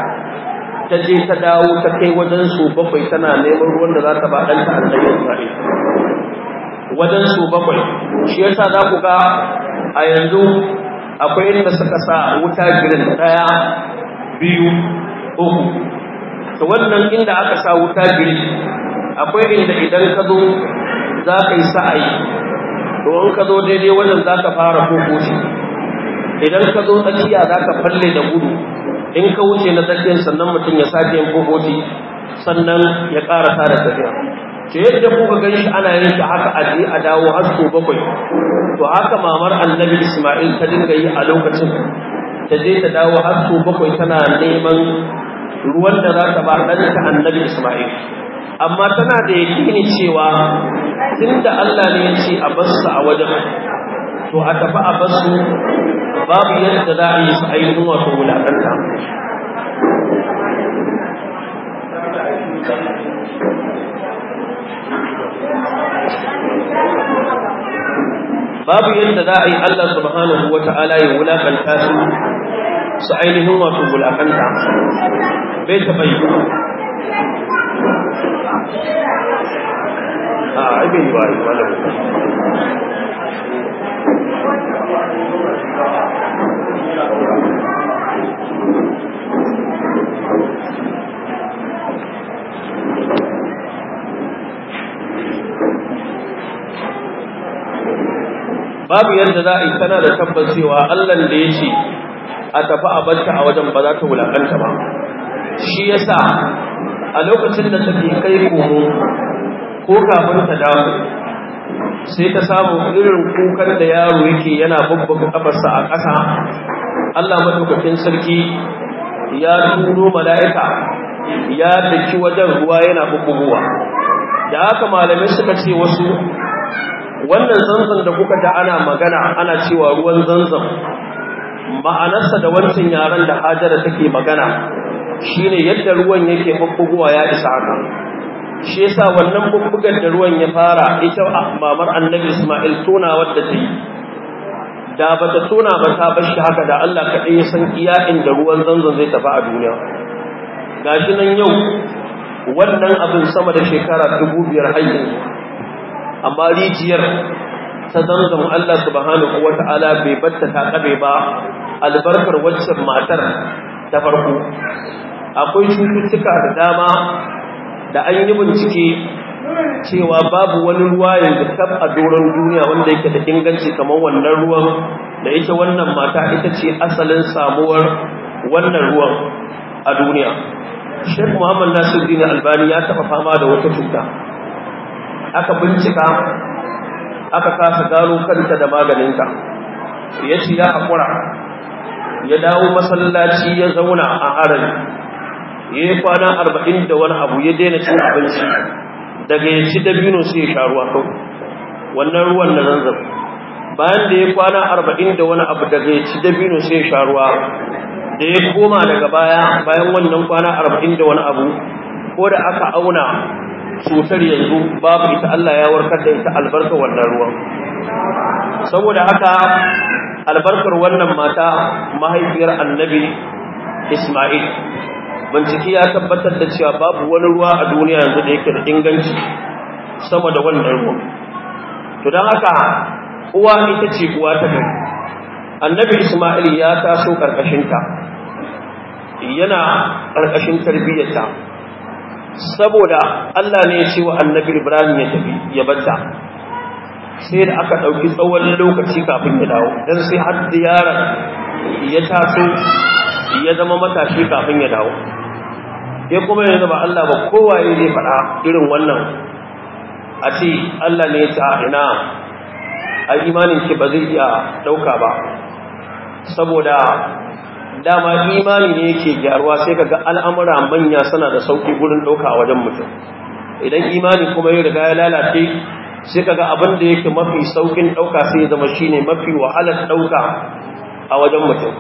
ta je ta dawo ta kai wajen su bakwai tana neman ruwan da za ta ba ɗanta annabi Isra'il wajen su bakwai shi yasa za ku ga a yanzu akwai inda suka sa wuta girin ɗaya biyu uku to wannan inda aka sa wuta girin akwai inda idan ka zo za ka yi sa'ayi to in ka zo daidai wajen za ka fara koko shi idan ka zo tsakiya za ka falle da gudu in ka wuce na tsakiyar sannan mutum ya sake yin kokoti sannan ya ƙara tara tafiya to yadda kuka gan shi ana yin shi haka aje a dawo har bakwai to haka mamar annabi isma'il ta dinga yi a lokacin ta je ta dawo har bakwai tana neman ruwan da za ta ba ɗanta annabi isma'il amma tana da yakini cewa tunda Allah ne ya ce a bassa a wajen to a tafi a basu babu yadda za a yi su ainihin wato wulaƙanta babu yadda za a yi Allah subhanahu wa ta'ala ya wulaƙanta su su ainihin wato wulaƙanta bai taɓa yi a abin yi wa yi babu yadda za a yi tana da tabbacewa Allah da ya ce a tafi a barta a wajen ba za ta wulakanta ba shi yasa a lokacin da take kai komo ko kafin ta dawo sai ta samu irin kukan da yaro yake yana babbaga kafarsa a ƙasa Allah madaukakin sarki ya tuno mala'ika ya daki wajen ruwa yana bubbugowa da haka malamai suka ce wasu wannan zanzan da kuka da ana magana ana cewa ruwan zanzan ma'anarsa da wancan yaren da hajara take magana shine yadda ruwan yake bubbugowa ya isa haka shi yasa wannan bubbugar da ruwan ya fara ita mamar annabi Isma'il tona wadda ta yi da ba ta tona ba ta bar haka da Allah kaɗai ya san iya inda ruwan zanzan zai tafi a duniya gashi nan yau wannan abin sama da shekara dubu biyar hanyar, amma rijiyar ta zanzan Allah subhanahu wata'ala bai batta ta kabe ba albarkar waccan matar ta farko akwai cututtuka da dama da an yi bincike cewa babu wani ruwa yanzu kaf a doron duniya wanda yake da inganci kamar wannan ruwan da ita wannan mata ita ce asalin samuwar wannan ruwan a duniya Sheikh Muhammad Nasiruddin Albani ya taɓa fama da wata cuta aka bincika aka kasa gano kanta da maganinta ya ce ya haƙura ya dawo masallaci ya zauna a harari ya yi kwana arba'in da wani abu ya daina cin abinci daga ya ci dabino sai ya sha ruwa kawai wannan ruwan na zanzab bayan da ya kwana arba'in da wani abu daga ya ci dabino sai ya sha ruwa da ya koma daga baya bayan wannan kwana arba'in da wani abu ko da aka auna cutar yanzu babu ita Allah ya warkar da ita albarka wannan ruwan saboda haka albarkar wannan mata mahaifiyar annabi Ismail bincike ya tabbatar da cewa babu wani ruwa a duniya yanzu da yake da inganci sama da wannan ruwa to dan haka uwa ita ce uwa ta gari annabi isma'il ya taso karkashinta yana karkashin tarbiyyarta saboda Allah ne ya ce wa annabi ibrahim ya tafi ya batta sai da aka ɗauki tsawon lokaci kafin ya dawo don sai har yaron ya taso ya zama matashi kafin ya dawo ya kuma yanzu ba Allah ba kowaye zai faɗa irin wannan a ce Allah ne ya ce a ina a imanin ki ba zai iya ɗauka ba saboda dama imani ne yake gyaruwa sai kaga al'amura manya suna da sauki wurin ɗauka a wajen mutum idan imani kuma ya riga ya lalace sai kaga abin da yake mafi saukin ɗauka sai ya zama shine mafi wahalar ɗauka a wajen mutum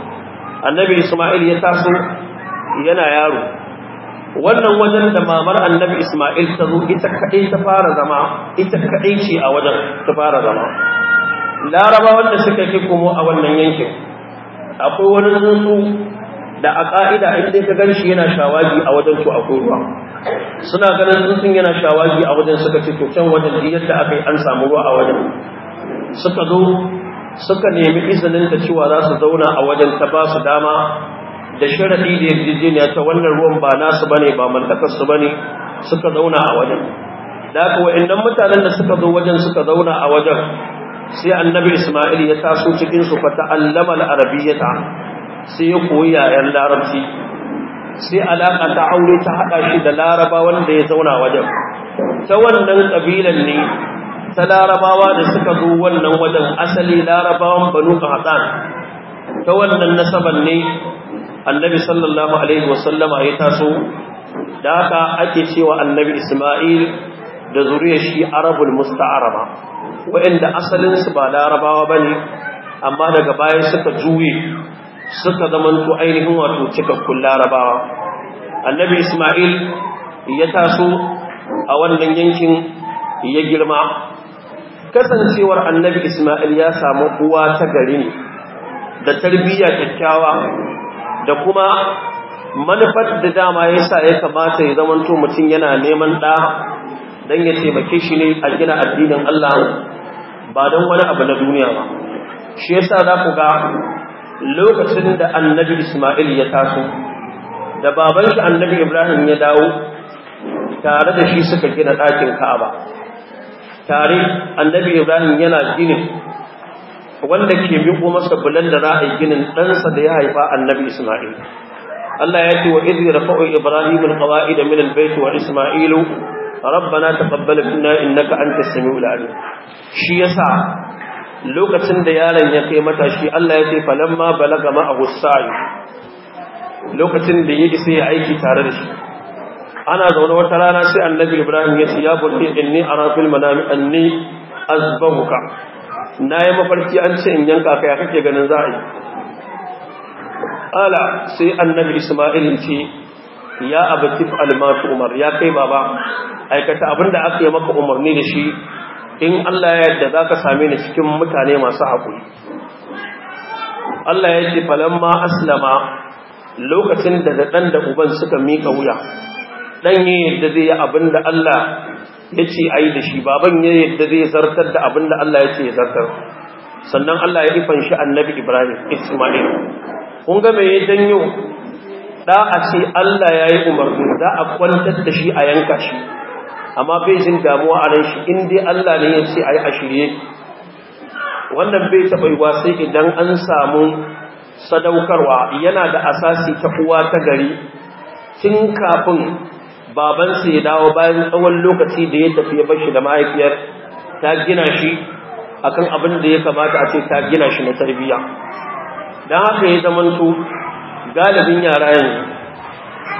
annabi isma'il ya taso yana yaro wannan wajen da mamar annabi Ismail ta zo ita kaɗai ta fara zama ita kaɗai ce a wajen ta fara zama laraba wanda suka fi komo a wannan yankin akwai wani tsuntsu da a ƙa'ida in dai ka ganshi yana shawagi a wajen to akwai ruwa suna ganin tsuntsun yana shawagi a wajen suka ce to can wajen yadda aka yi an samu ruwa a wajen suka zo suka nemi izinin da cewa za su zauna a wajen ta ba su dama da sharadi da yarjejeniya ta wannan ruwan ba nasu bane ba mallakarsu bane suka zauna a wajen da haka wa'annan mutanen da suka zo wajen suka zauna a wajen sai annabi Isma'il ya taso cikin su fa ta'allama al-arabiyyata sai ya koyi yaren larabci sai alaka ta aure ta hada shi da laraba wanda ya zauna wajen ta wannan kabilan ne ta larabawa da suka zo wannan wajen asali larabawan banu qahtan ta wannan nasaban ne annabi sallallahu alaihi wasallama ya taso da haka ake cewa annabi isma'il da zuriyar shi arabul musta'araba waɗanda asalinsu ba larabawa ba ne amma daga baya suka juye suka zamanto ainihin wato cikakkun larabawa annabi isma'il ya taso a wannan yankin ya girma kasancewar annabi isma'il ya samu uwa ta gari ne da tarbiyya kyakkyawa da kuma manufar da dama ya sa ya kamata ya zamanto mutum yana neman ɗa don ya taimake shi ne a gina addinin Allah ba don wani abu na duniya ba shi sa za ku ga lokacin da annabi Ismail ya taso da baban shi annabi Ibrahim ya dawo tare da shi suka gina ɗakin Ka'aba tare annabi Ibrahim yana ginin wanda ke miƙo masa bulan da a yi ginin ɗansa da ya haifa annabi Ismail. Allah ya ce wa izi rafa'u Ibrahim al-qawa'id min al-bayt wa Isma'ilu rabbana taqabbal minna innaka antas samiul alim. Shi yasa lokacin da yaron ya kai matashi Allah ya ce falamma balaga ma sa'i lokacin da ya isa ya aiki tare da shi ana zaune wata rana sai annabi Ibrahim ya ce ya bunni inni ara fil manami anni azbahuka na yi mafarki an ce in yanka ka ya kake ganin za a yi ala sai annabi isma'il ce ya abu almatu umar ya kai baba aikata abinda aka yi maka umarni da shi in Allah ya yadda za ka same ni cikin mutane masu haƙuri Allah ya ce falamma aslama lokacin da da ɗan da uban suka miƙa wuya ɗan yi yadda zai yi abinda da Allah ya ce a yi da shi baban ya yadda zai zartar da abin da Allah ya ce ya zartar sannan Allah ya ifan shi annabi Ibrahim Ismail kun ga mai ya janyo da a ce Allah ya yi umarni za a kwantar da shi a yanka shi amma bai jin damuwa a ran shi in dai Allah ne ya ce a yi a shirye wannan bai taɓa yi sai idan an samu sadaukarwa yana da asasi ta uwa ta gari tun kafin babansa ya dawo bayan tsawon lokaci da ya tafi ya bashi da mahaifiyar ta gina shi akan abin da ya kamata a ce ta gina shi na tarbiyya don haka ya zamanto galibin yara yanzu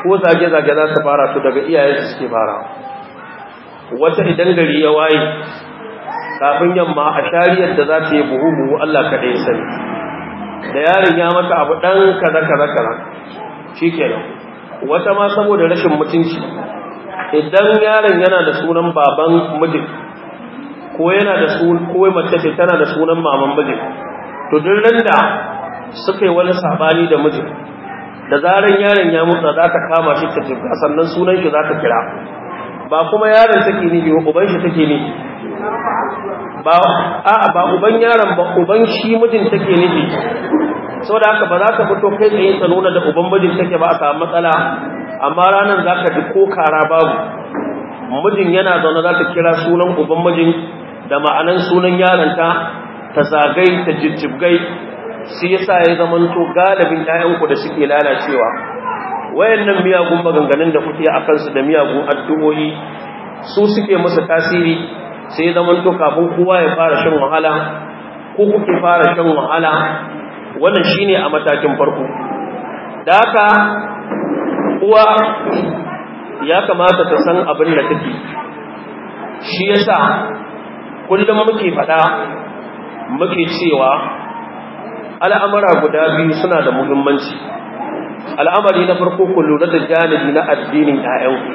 ko zage-zage za su fara su daga iyayen su suke fara wata idan gari ya waye kafin yamma a shariyar da za ta yi buhu buhu Allah kaɗai ya sani da yaron ya mata abu ɗan kaza kaza kaza shi kenan wata ma saboda rashin mutunci idan yaron yana da sunan baban mijin ko yana da sunan ko mace ce tana da sunan maman mijin to duk nan da suka yi wani sabani da mijin da zaran yaron ya mutu za ta kama shi ta tafi sannan sunan shi za ta kira ba kuma yaron take ni ba uban shi take ni? ba a'a ba uban yaron ba uban shi mijin take ni da haka ba za ka fito kai tsaye tsaro nuna da uban mijin take ba a samu matsala amma ranar za ka ji ko kara babu mijin yana zaune za ta kira sunan uban da ma'anan sunan yaranta ta zagai ta jijjibgai shi yasa ya zamanto galibin ku da suke lalacewa wayannan miyagun maganganun da kuke a kansu da miyagun addu'o'i su suke masa tasiri sai zamanto kafin kowa ya fara shan wahala ko kuke fara shan wahala wannan shine a matakin farko Daka uwa ya kamata ta san abin da take shi yasa kullum muke faɗa muke cewa al'amura guda biyu suna da muhimmanci al'amari na farko ku lura da janibi na addinin 'ya'yanku.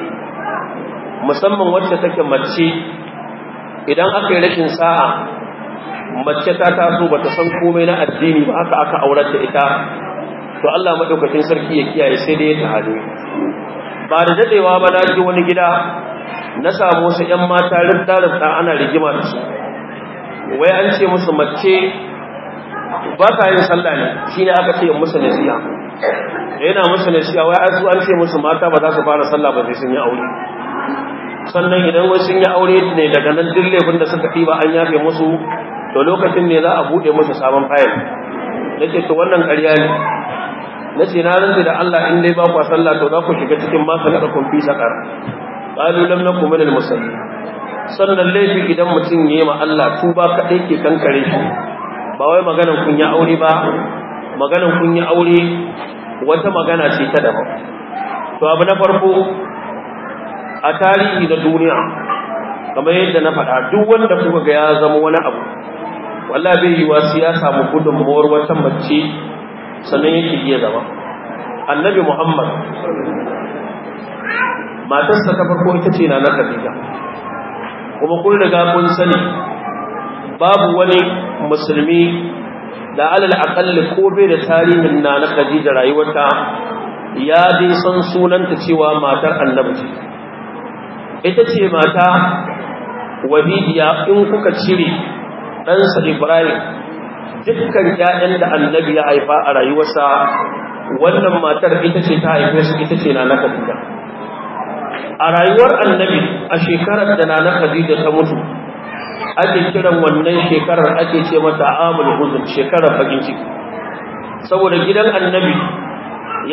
musamman wacce take mace idan aka yi rashin sa'a mace ta taso ba ta san komai na addini ba haka aka aurar da ita to Allah madaukakin sarki ya kiyaye sai dai ya tahadu ba da dadewa ba na ji wani gida na samu wasu ƴan mata da ta ana rigima da su wai an ce musu mace ba ta yin sallah ne shine aka ce musu nasiha yana musu siya wai an an ce musu mata ba za su fara sallah ba sai sun yi aure sannan idan wai sun yi aure ne daga nan duk laifin da suka fi ba an yafe musu to lokacin ne za a bude masa sabon fayil na ce to wannan ƙarya ne nace na rinta da Allah in dai ba ku sallah to za ku shiga cikin masu naɗa fi sakar qalu lam na kuma al musallin sannan laifi idan mutum ya yi ma Allah tuba kaɗai ke kankare shi ba wai maganan kun ya aure ba maganan kun ya aure wata magana ce ta daban to abu na farko a tarihi da duniya kamar yadda na faɗa duk wanda kuka ga ya zama wani abu wallah bai yiwa sai ya samu gudunmuwar wata mace sannan yake iya zama annabi muhammad matarsa ta farko ita ce na na khadija kuma kun riga kun sani babu wani musulmi da alal aqalli ko bai da tarihin na na khadija rayuwarta ya dai san sunanta cewa matar annabi ce ita ce mata wahidiya in kuka cire ɗansa ibrahim dukkan ƴaƴan da annabi ya haifa a rayuwarsa wannan matar ita ce ta haife su ita ce nana khadija a rayuwar annabi a shekarar da nana khadija ta mutu ake kiran wannan shekarar ake ce mata amul huzun shekarar bakin ciki saboda gidan annabi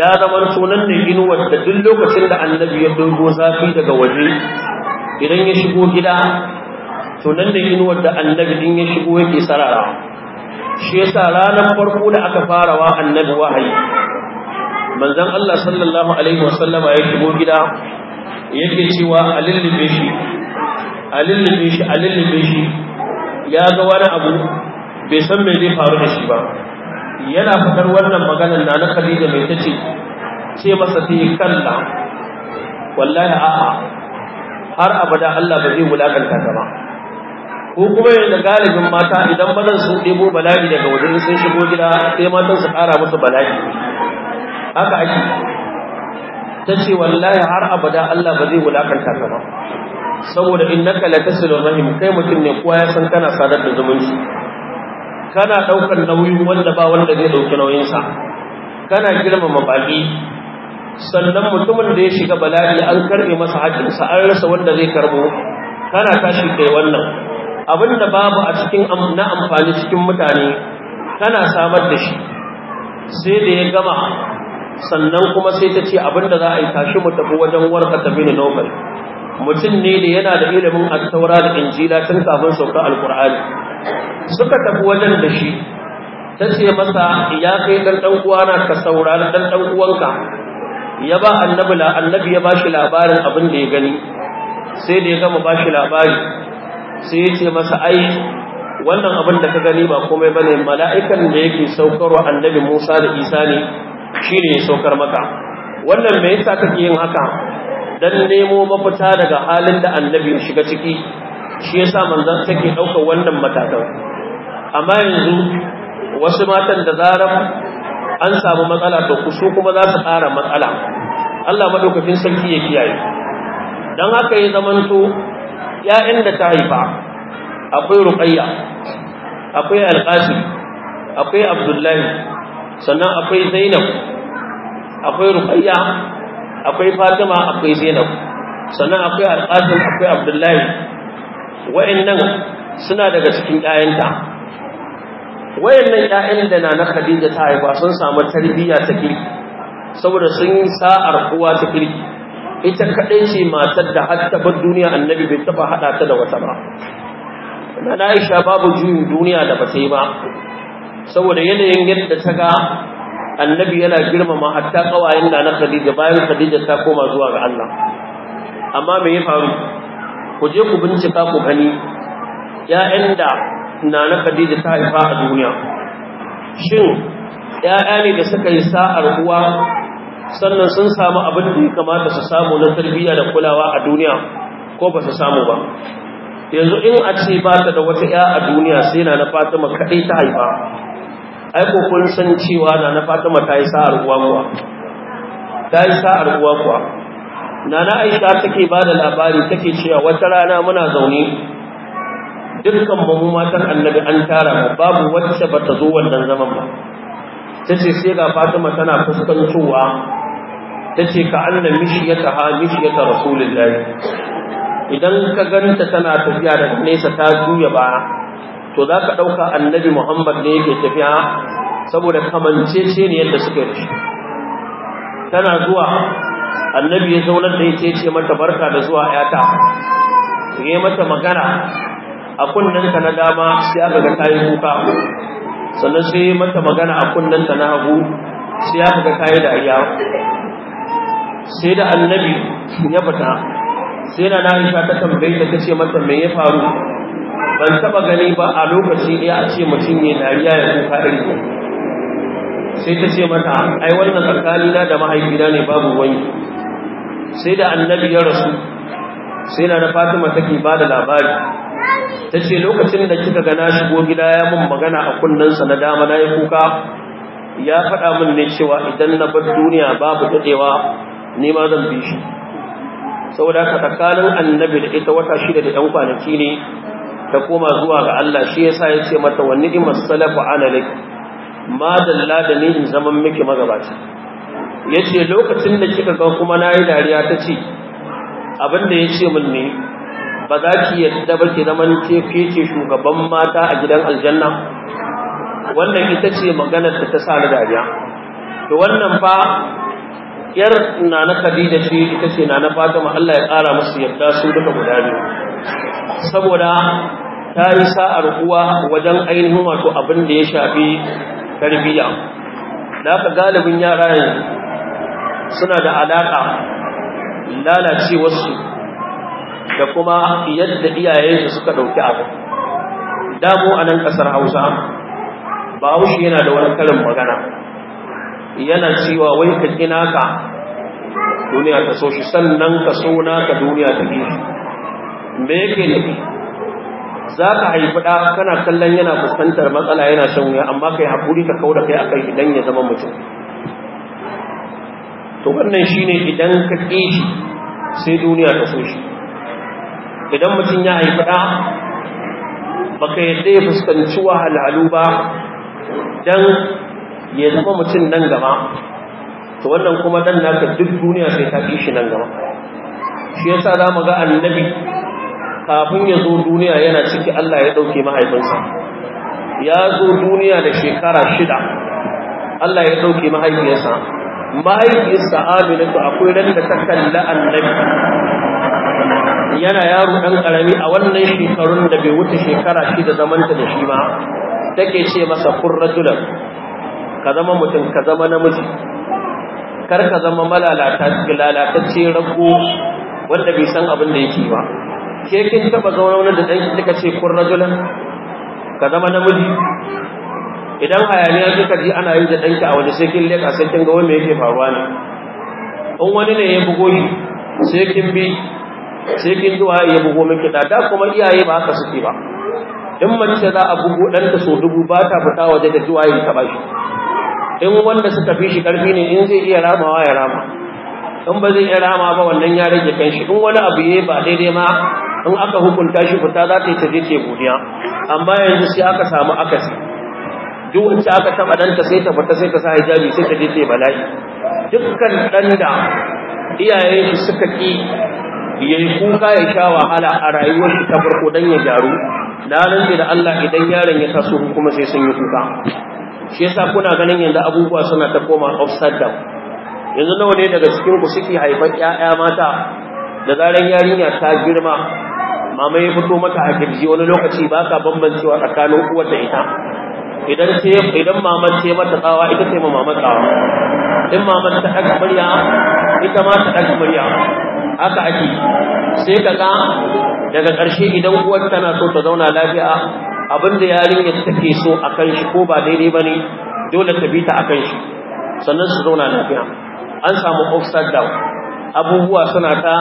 ya zama sunan ne inuwar da duk lokacin da annabi ya dogo zafi daga waje idan ya shigo gida to nan da inuwar da annabi din ya shigo yake sarara shi yasa ranar farko da aka fara wa annabi wahayi manzon Allah sallallahu alaihi wasallama ya shigo gida yake cewa alillibe shi alillibe shi alillibe shi ya ga wani abu bai san me zai faru da shi ba yana fitar wannan maganar na na Khadija mai tace ce masa sai kalla wallahi a'a har abada Allah ba zai wulakanta ta ba ko kuma yadda galibin mata idan bazan sun ɗebo bala'i daga wajen sun shigo gida sai matan su ƙara musu bala'i haka ake ta ce wallahi har abada Allah ba zai wulakanta ka ba saboda innaka latasilu rahim kai mutum ne kowa ya san kana sadar da zumunci kana ɗaukar nauyin wanda ba wanda zai ɗauki nauyinsa kana girmama baƙi sannan mutumin da ya shiga bala'i an karbe masa haƙƙinsa an rasa wanda zai karbo kana tashi kai wannan abin da babu a cikin na amfani cikin mutane kana samar da shi sai da ya gama sannan kuma sai ta ce abin da za a yi tashi mu tafi wajen warka tafi mini nobel mutum ne da yana da ilimin taura da injila tun kafin sauka alkur'ani suka tafi wajen da shi ta ce masa ya kai dan dan uwana ka saura dan dan uwanka ya ba annabi annabi ya bashi labarin abin da ya gani sai da ya gama bashi labari sai ya ce masa ai wannan abin da ka gani ba komai bane mala'ikan da yake saukarwa annabi Musa da Isa ne shine ya saukar maka wannan me yasa kake yin haka dan nemo mafita daga halin da annabi ya shiga ciki shi yasa manzon take daukar wannan matakan amma yanzu wasu matan da zarar an samu matsala to kusu kuma za su ƙara matsala Allah madaukakin sarki ya kiyaye dan haka ya zamanto ‘ya'yan da ta haifa akwai ruqayya akwai alqasim akwai abdullahi sannan akwai zainab akwai ruqayya akwai fatima akwai zainab sannan akwai alqasim akwai abdullahi wa'annan suna daga cikin ‘ya'yanta wa'annan ƴaƴan da na na khadija ta haifa sun samu tarbiyya ta kirki saboda sun yi sa'ar uwa ta kirki ita kaɗai ce matar da har tabar duniya annabi bai taɓa haɗa ta da wata ba na Aisha babu juyin duniya da ba yi ba saboda yanayin yadda ta ga annabi yana girmama hatta ƙawayen na na Khadija bayan Khadija ta koma zuwa ga Allah amma me ya faru ku je ku bincika ku gani ƴaƴan da na Khadija ta haifa a duniya shin 'ya'ya ne da suka yi sa'ar uwa sannan sun samu abin da ya kamata su samu na tarbiyya da kulawa a duniya ko ba su samu ba yanzu in a ce ba ta da wata ya a duniya sai na na fatima kaɗai ta haifa ai kun san cewa na na fatima ta yi sa'ar uwa kuwa ta yi sa'ar uwa kuwa na na aisha take ba da labari take cewa wata rana muna zaune dukkan mu matan annabi an tara mu babu wacce ba ta zo wannan zaman ba ta ce sai ga fatima tana fuskantowa ta ce ka anna mishiyata ha mishiyata rasulun idan ka ganta tana tafiya da nesa ta juya ba to za ka ɗauka annabi muhammad ne yake tafiya saboda kamance ce ne yadda suka yi tana zuwa annabi ya zaunar da ya ce mata barka da zuwa yata ya mata magana a kunnen ka na dama sai aka ga tayi kuka sannan sai mata magana a kunnanta na hagu sai ya ga kayi da ayyawa sai da annabi ya fita sai na Aisha ta da ta ce mata mai ya faru ban taba gani ba a lokaci ɗaya a ce mutum ya dariya ya kuka irin sai ta ce mata ai wannan tsakanina da mahaifina ne babu wani sai da annabi ya rasu sai na na fatima take ba da labari tace lokacin da kika ga na shigo gida ya mun magana a sa na dama na yi kuka ya faɗa min ne cewa idan na bar duniya babu daɗewa ni ma zan bi shi saboda ka tsakanin annabi da ita wata shida da ɗan kwanaki ne ta koma zuwa ga Allah shi yasa ya ce mata wani ni'imar masalafu ana ma dalla da ni in zaman miki magabaci yace lokacin da kika ga kuma nayi dariya tace abin da ya ce min ne ba za ki yadda ba ki zaman ke ce shugaban mata a gidan aljanna wannan ita ce maganar da ta sa ni dariya to wannan fa yar na na Khadija shi ita ce na na ma Allah ya ƙara musu yadda su duka guda biyu saboda ta yi sa'ar uwa wajen ainihin wato abin da ya shafi tarbiyya da aka galibin yara yanzu suna da alaƙa wasu da kuma yadda iyaye iyayensu suka ɗauki abu Damu a nan kasar hausa bahaushe yana da wani karin magana yana cewa wai ka kina ka duniya ta so shi sannan ka so ka duniya ta ƙi me yake nufi za ka haifi ɗa kana kallon yana fuskantar matsala yana shan wuya amma ka yi haƙuri ka kau da kai a idan ya zama mutum to wannan shi ne idan ka ƙi shi sai duniya ta so shi idan mutum ya haifi ɗa baka yadda ya fuskanci wahalhalu ba don ya zama mutum nan gaba to wannan kuma dan naka duk duniya sai ta shi nan gaba shi yasa za mu ga annabi kafin ya zo duniya yana ciki Allah ya ɗauke mahaifinsa ya zo duniya da shekara shida Allah ya ɗauke mahaifiyarsa mahaifiyarsa aminatu akwai ran da ta kalla annabi yana yaro ɗan karami a wannan shekarun da bai wuce shekara shi da zamanta da shi ba take ce masa kurrajulan ka zama mutum ka zama namiji kar ka zama malalata ce rago wanda bai san abin da yake ba ke kin taba zauna da danki kika ce kurrajulan ka zama namiji idan hayaniya suka ji ana yi da ɗanki a waje sai leka sai kin ga wani yake faruwa ne in wani ne ya bugo yi, sai kin bi sai kin zuwa ya bugo miki da da kuma iyaye ba haka suke ba in mace za a bugo ɗanta so dubu ba ta fita waje da zuwa ta bashi in wanda suka fi shi ƙarfi ne in zai iya ramawa ya rama in ba zai iya rama ba wannan ya rage kanshi in wani abu ya ba daidai ma in aka hukunta shi fita za ta yi ta je ce godiya amma yanzu sai aka samu akasi duk wacce aka taba danta sai ta fita sai ta sa hijabi sai ta je ta bala'i dukkan dan da iyayen shi suka ki yayi kuka ya sha wahala a rayuwar shi ta farko dan ya gyaru na da Allah idan yaron ya taso kuma sai sun yi kuka shi yasa kuna ganin yanzu abubuwa suna ta koma upside down yanzu nawa ne daga cikin ku suke haifar 'ya'ya mata da zaran yarinya ta girma mama ya fito mata a kirji wani lokaci ba ka bambancewa tsakanin uwar da ita idan sai idan maman ce mata tsawa ita sai ma maman tsawa in maman ta ɗaga murya ita ma ta ɗaga murya haka ake sai ka ga daga ƙarshe idan uwar tana so ta zauna lafiya abinda da yarinyar take so a kan shi ko ba daidai ba ne dole ta bi ta a kan shi sannan su zauna lafiya an samu upside down abubuwa suna ta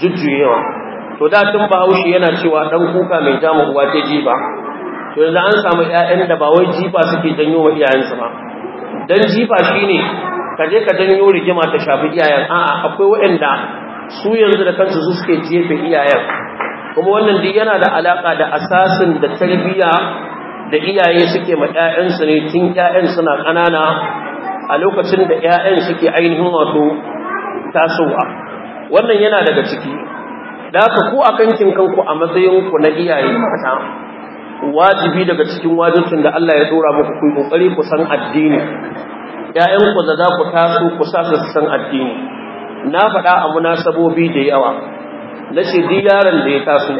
jujjuyewa to da tun bahaushe yana cewa ɗan kuka mai jama uwa ta ji ba yanzu an samu 'ya'yan da ba wai jifa suke janyo wa iyayensu ba dan jifa shine ka je ka janyo rigima ta shafi iyayen a'a akwai waɗanda su yanzu da kansu su suke jefe iyayen kuma wannan duk yana da alaka da asasin da tarbiyya da iyaye suke ma 'ya'yansu ne tun 'ya'yan suna ƙanana a lokacin da 'ya'yan suke ainihin wato tasowa wannan yana daga ciki da ku a kankin kanku a matsayinku na iyaye mata wajibi daga cikin wajibcin da Allah ya dora muku ku kokari ku san addini ƴaƴan ku da za ku taso ku sa san addini na faɗa a munasabobi da yawa na ce duk yaron da ya taso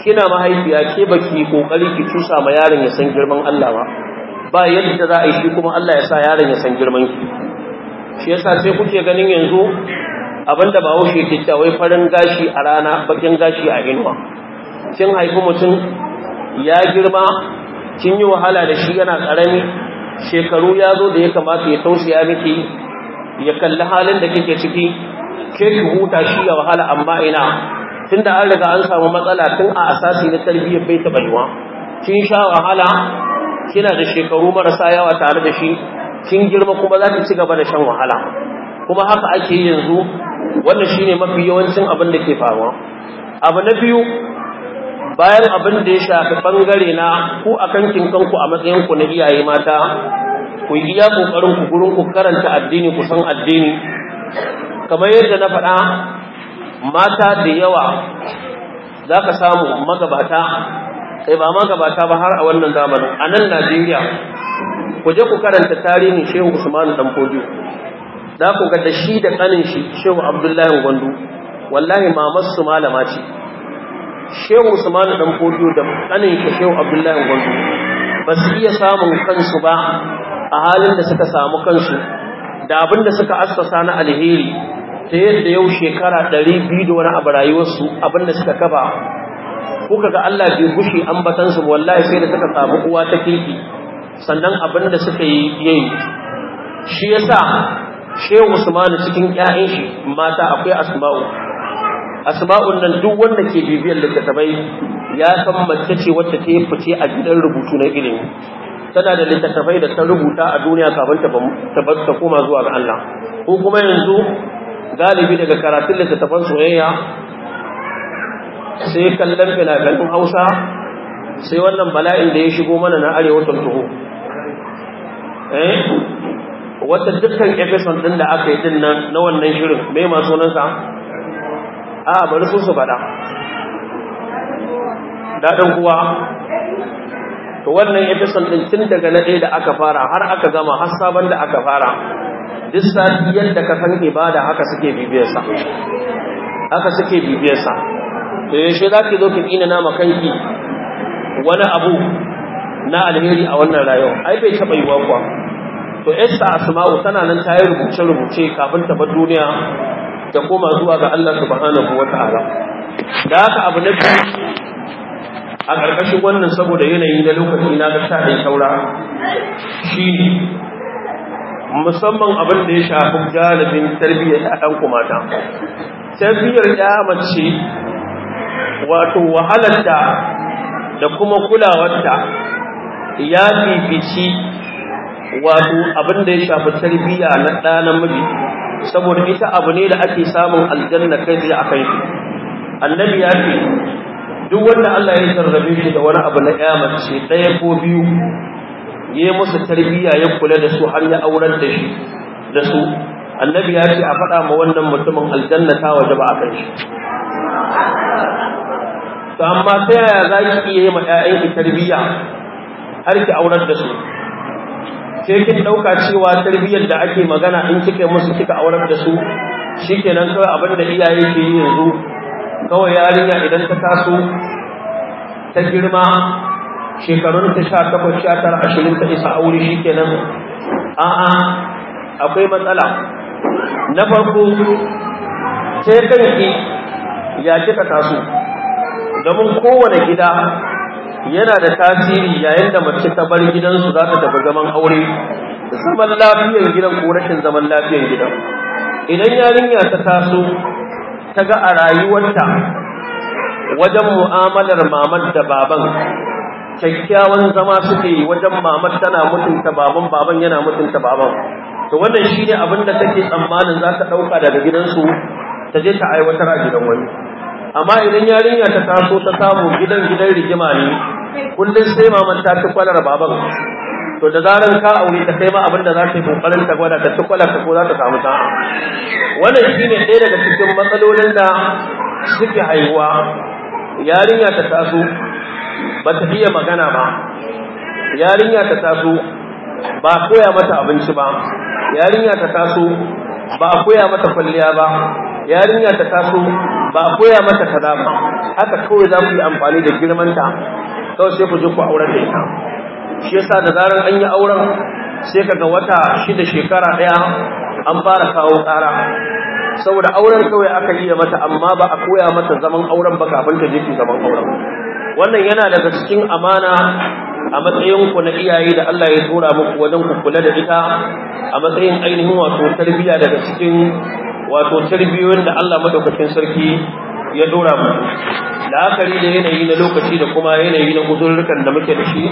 kina mahaifiya ke baki kokari ki cusa ma yaron ya san girman Allah ba ba yadda za a yi kuma Allah ya sa yaron ya san girman ki shi yasa sai kuke ganin yanzu abinda ba haushe ke wai farin gashi a rana bakin gashi a inuwa kin haifi mutum ya girma kin yi wahala da shi yana karami shekaru ya zo da ya kamata ya tausaya miki ya kalli halin da kike ciki ke ki huta shi ya wahala amma ina tun da an riga an samu matsala tun a asasi na tarbiyyar bai ta baiwa kin sha wahala kina da shekaru marasa yawa tare da shi kin girma kuma za ki ci gaba da shan wahala kuma haka ake yanzu wannan shine mafi yawancin abin da ke faruwa abu na biyu bayan abin da ya shafi bangare na ku a kan kanku a matsayin ku na iyaye mata ku yi iya kokarin ku gurin ku karanta addini ku san addini kamar yadda na faɗa mata da yawa za ka samu magabata kai ba magabata ba har a wannan zamanin a nan najeriya ku je ku karanta tarihin shehu usmanu danfodiyo za ku ga da shi da ƙanin shi shehu abdullahi gwandu wallahi mamarsu malama ce shehu usmanu dan fodiyo da ɗanin shi shehu abdullahi gwandu basu iya samun kansu ba a halin da suka samu kansu da abin da suka assasa na alheri ta yadda yau shekara ɗari biyu da wani abu rayuwarsu abin da suka kaba. kuka ga Allah bai gushi ambatansu wallahi sai da suka samu uwa ta kirki sannan abin da suka yi yayi shi yasa Shehu Usman cikin ƴaƴan shi mata akwai Asma'u asma'un nan duk wanda ke bibiyar littattafai ya san mace ce wacce ta yi fice a gidan rubutu na ilimi tana da littattafai da ta rubuta a duniya kafin ta bar ta koma zuwa ga Allah ko kuma yanzu galibi daga karatun littattafan soyayya sai kallon fina Hausa sai wannan bala'in da ya shigo mana na arewa tuntuhu eh? wata dukkan episode din da aka yi din nan na wannan shirin me ma sunansa a bari sun su faɗa daɗin kuwa to wannan episode ɗin tun daga na ɗaya da aka fara har aka gama har sabon da aka fara duk sati yadda ka san ibada haka suke bibiyarsa haka suke bibiyarsa to yaushe za ki zo ki tsina nama kanki wani abu na alheri a wannan rayuwa ai bai taɓa yiwuwa kuwa to esta Asma'u tana nan ta yi rubuce-rubuce kafin ta bar duniya da koma zuwa ga Allah subhanahu wa ta'ala da haka abu na biyu a ƙarƙashin wannan saboda yanayi na lokaci na ga sha ɗin saura ne. musamman abin da ya shafi galibin tarbiyyar ɗan kumata tarbiyyar ya mace wato wahalarta da kuma kulawarta ya fifici wato abin da ya shafi tarbiyya na ɗa namiji saboda ita abu ne da ake samun aljanna kai tsaye akan shi annabi ya ce duk wanda Allah ya jarrabe shi da wani abu na kiyama ce ɗaya ko biyu yi musu tarbiyya ya kula da su har ya aurar da shi da su annabi ya ce a faɗa ma wannan mutumin aljanna ta waje ba a kan shi to amma ta yaya za ki iya yi ma 'ya'yanki tarbiyya har ki aurar da su sai kin dauka cewa tarbiyyar da ake magana in kike musu kika aurar da su shikenan kawai abin da iyaye ke yi yanzu kawai yarinya idan ta taso ta girma shekarun ta sha takwas sha tara ashirin ta isa aure shikenan a'a akwai matsala na farko sai kanki ya kika taso domin kowane gida yana da tasiri yayin da mace ta bar gidansu za ta tafi zaman aure zaman lafiyar gidan ko rashin zaman lafiyar gidan idan yarinya ta taso ta ga a rayuwarta wajen mu'amalar mamar da baban kyakkyawan zama suke yi wajen mamar tana mutunta baban baban yana mutunta baban to wannan shine abin da take tsammanin za ta ɗauka daga gidansu ta je ta aiwatar a gidan wani amma idan yarinya ta taso ta samu gidan gidan rigima ne kullum sai maman ta ci kwalar baban to da zarar ka aure ta kai ma abin da za ta yi kokarin ta gwada ta ci kwalar ta ko za ta samu ta wannan shine ɗaya daga cikin matsalolin da suke haihuwa yarinya ta taso ba ta iya magana ba yarinya ta taso ba koya mata abinci ba yarinya ta taso ba a koya mata kwalliya ba yarinya ta taso ba a koya mata kaza ba haka kawai za ku yi amfani da girmanta kawai sai ku je ku auren da ita shi yasa da zarar an yi auren sai kaga wata shida shekara ɗaya an fara kawo ƙara. saboda auren kawai aka yi mata amma ba a koya mata zaman auren ba kafin ta je ki zaman auren wannan yana daga cikin amana a matsayin ku na iyaye da Allah ya tura muku wajen ku kula da ita a matsayin ainihin wato tarbiyya daga cikin wato tarbiyoyin da Allah madaukakin sarki ya dora mu la'akari da yanayi na lokaci da kuma yanayi na uzurrukan da muke da shi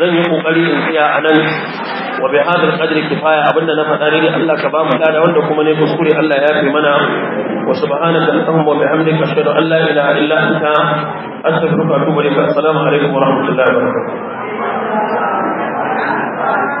zan yi kokari in tsaya a nan wa bi hadal qadri kifaya abinda na faɗa ne Allah ka ba mu da wanda kuma ne kuskure Allah ya fi mana wa subhanaka allahumma wa bihamdika ashhadu an la ilaha illa anta astaghfiruka wa atubu ilayk assalamu alaikum wa rahmatullahi wa barakatuh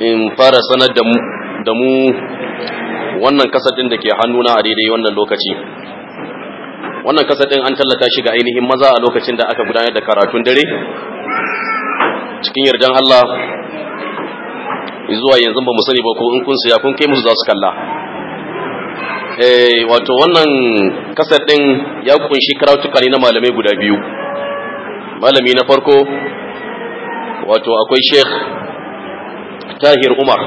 in fara sanar da mu wannan kasadin da ke hannuna a daidai wannan lokaci wannan kasadin an tallata shi ga ainihin maza a lokacin da aka gudanar da karatun dare cikin yardan Allah zuwa yanzu ba mu sani ba ko in kun siya kun kai musu za su kalla eh wato wannan kasadin ya kunshi karatuka ne na malamai guda biyu malami na farko wato akwai sheikh Tahir Umar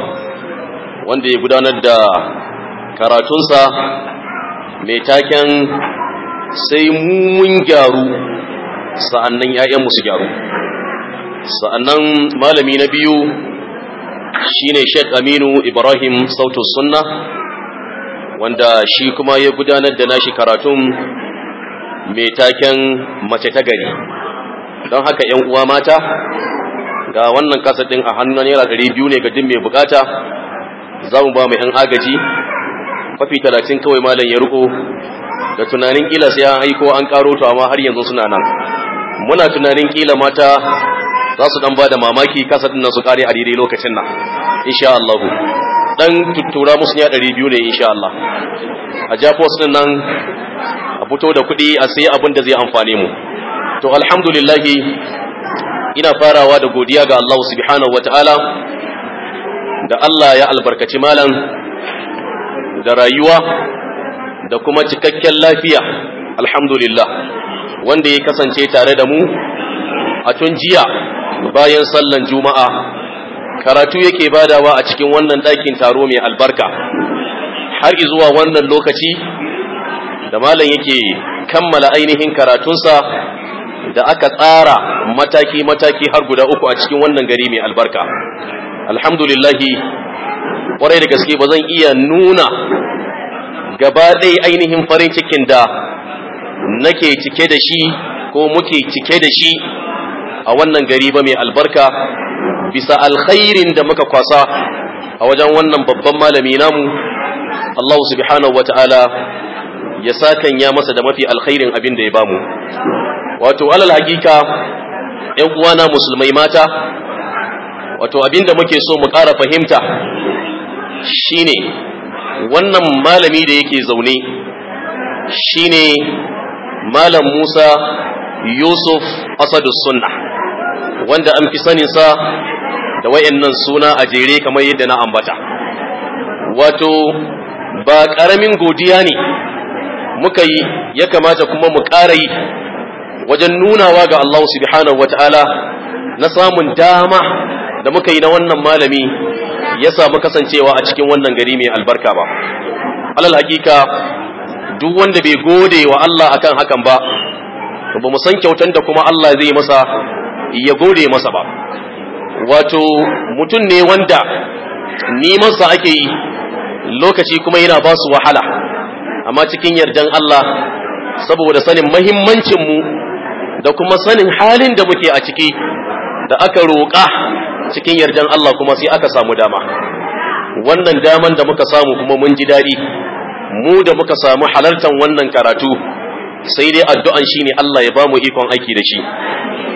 wanda ya gudanar da karatunsa mai taken sai mun gyaru sa'annan ‘ya'yanmu su gyaru sa'annan malami na biyu shine Sheikh Aminu Ibrahim Sautu Sunna wanda shi kuma ya gudanar da nashi karatun mai taken mace ta gari don haka ‘yan uwa mata ga wannan kasa ɗin a hannun naira ɗari biyu ne ga duk mai bukata za mu ba mu yan agaji mafi talatin kawai malam ya riko da tunanin kila sai an aiko an karo to amma har yanzu suna nan muna tunanin kila mata za su dan bada mamaki kasa ɗin nan su kare a daidai lokacin nan insha Allah dan tuttura musu ya biyu ne insha Allah a jafos din nan a fito da kuɗi a sai abin da zai amfani mu to alhamdulillah ina farawa da godiya ga Allah subhanahu wataala da Allah ya albarkaci malam da rayuwa da kuma cikakken lafiya alhamdulillah wanda ya kasance tare da mu a tun jiya bayan sallan juma'a karatu yake badawa a cikin wannan ɗakin taro mai albarka har zuwa wannan lokaci da malam yake kammala ainihin karatunsa da aka tsara mataki-mataki har guda uku a cikin wannan gari mai albarka alhamdulillahi kwarai da gaske ba zan iya nuna gaba ɗaya ainihin farin cikin da nake cike da shi ko muke cike da shi a wannan gari ba mai albarka bisa alkhairin da muka kwasa a wajen wannan babban malami namu Allah subhanahu ta'ala ya sakan ya masa da mafi alkhairin abin da ya bamu wato alal hakika ‘yan uwana musulmai mata wato abinda muke so mu ƙara fahimta shine wannan malami da yake zaune shine malam musa yusuf asadu sunna wanda an fi saninsa da wayannan suna a jere kamar yadda na ambata wato ba ƙaramin godiya ne muka yi ya kamata kuma mu ƙara yi wajen nunawa ga Allah subhanahu wataala na samun dama da muka yi na wannan malami ya samu kasancewa a cikin wannan gari mai albarka ba alal hakika duk wanda bai gode wa Allah akan hakan ba to ba mu san kyautan da kuma Allah zai masa ya gode masa ba wato mutum ne wanda nimansa ake yi lokaci kuma yana ba su wahala amma cikin yardan Allah saboda sanin mahimmancin mu da kuma sanin halin da muke a ciki da aka roƙa cikin yardan Allah kuma sai aka samu dama wannan daman da muka samu kuma mun ji daɗi mu da muka samu halartar wannan karatu sai dai addu'an shi ne Allah ya ba mu ikon aiki da shi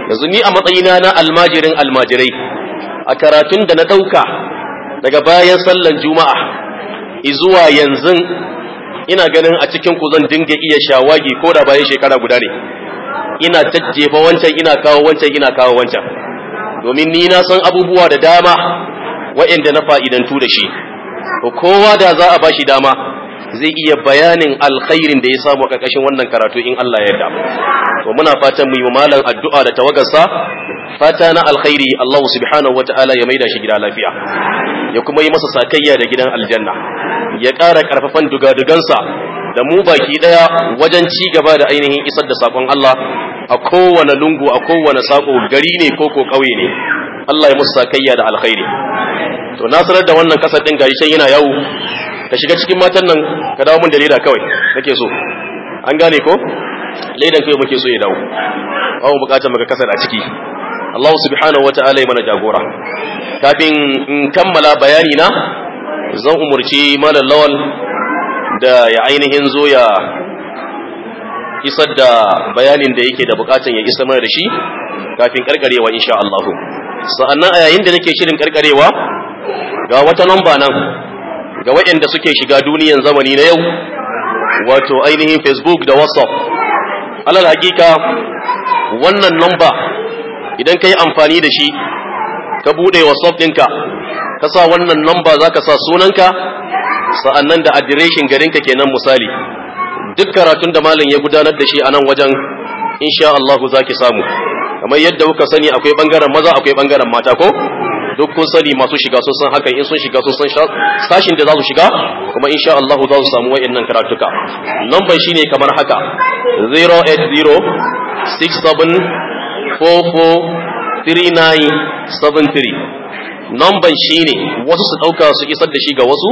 yanzu ni a matsayina na almajirin almajirai a karatun da na ɗauka daga bayan sallan juma'a izuwa yanzu ina ganin a cikin ku zan dinga iya shawagi ko da bayan shekara guda ne ina tajjefa wancan ina kawo wancan ina kawo wancan domin ni na san abubuwa da dama waɗanda na fa'idantu da shi kowa da za a bashi dama zai iya bayanin alkhairin da ya samu a ƙarƙashin wannan karatu in Allah ya yarda to muna fatan mu yi malam addu'a da tawagarsa fata na alkhairi Allah subhanahu wataala ya maida shi gida lafiya ya kuma yi masa sakayya da gidan aljanna ya ƙara ƙarfafan dugadugansa da mu baki daya wajen ci gaba da ainihin isar da sakon Allah a kowane lungu a kowane sako gari ne ko ko kauye ne Allah ya musu sakayya da alkhairi to na da wannan kasar din gari yana yawo ka shiga cikin matan nan ka dawo mun dalila leda kawai nake so an gane ko laidan kai muke so ya dawo ba mu bukatar maka kasar a ciki Allah subhanahu wataala ya mana jagora kafin in kammala bayani na zan umurci malam lawal da ya ainihin zo ya isar da bayanin da yake da bukatan ya isa mana da shi kafin karkarewa insha Allah sa'annan a yayin da nake shirin karkarewa ga wata namba nan ga waɗanda suke shiga duniyan zamani na yau wato ainihin Facebook da WhatsApp alal hakika wannan namba idan ka yi amfani da shi ka buɗe WhatsApp ɗinka ka sa wannan namba za ka sa sunanka sa'annan da adireshin garinka kenan misali duk karatun da malam ya gudanar da shi a nan wajen insha Allah za ki samu kamar yadda kuka sani akwai bangaren maza akwai bangaren mata ko duk kun sani masu shiga sun san haka in sun shiga sun san sashin da za su shiga kuma insha Allah za su samu wayannan karatuka lambar shine kamar haka Nomban shi ne wasu su ɗauka su isar da shi ga wasu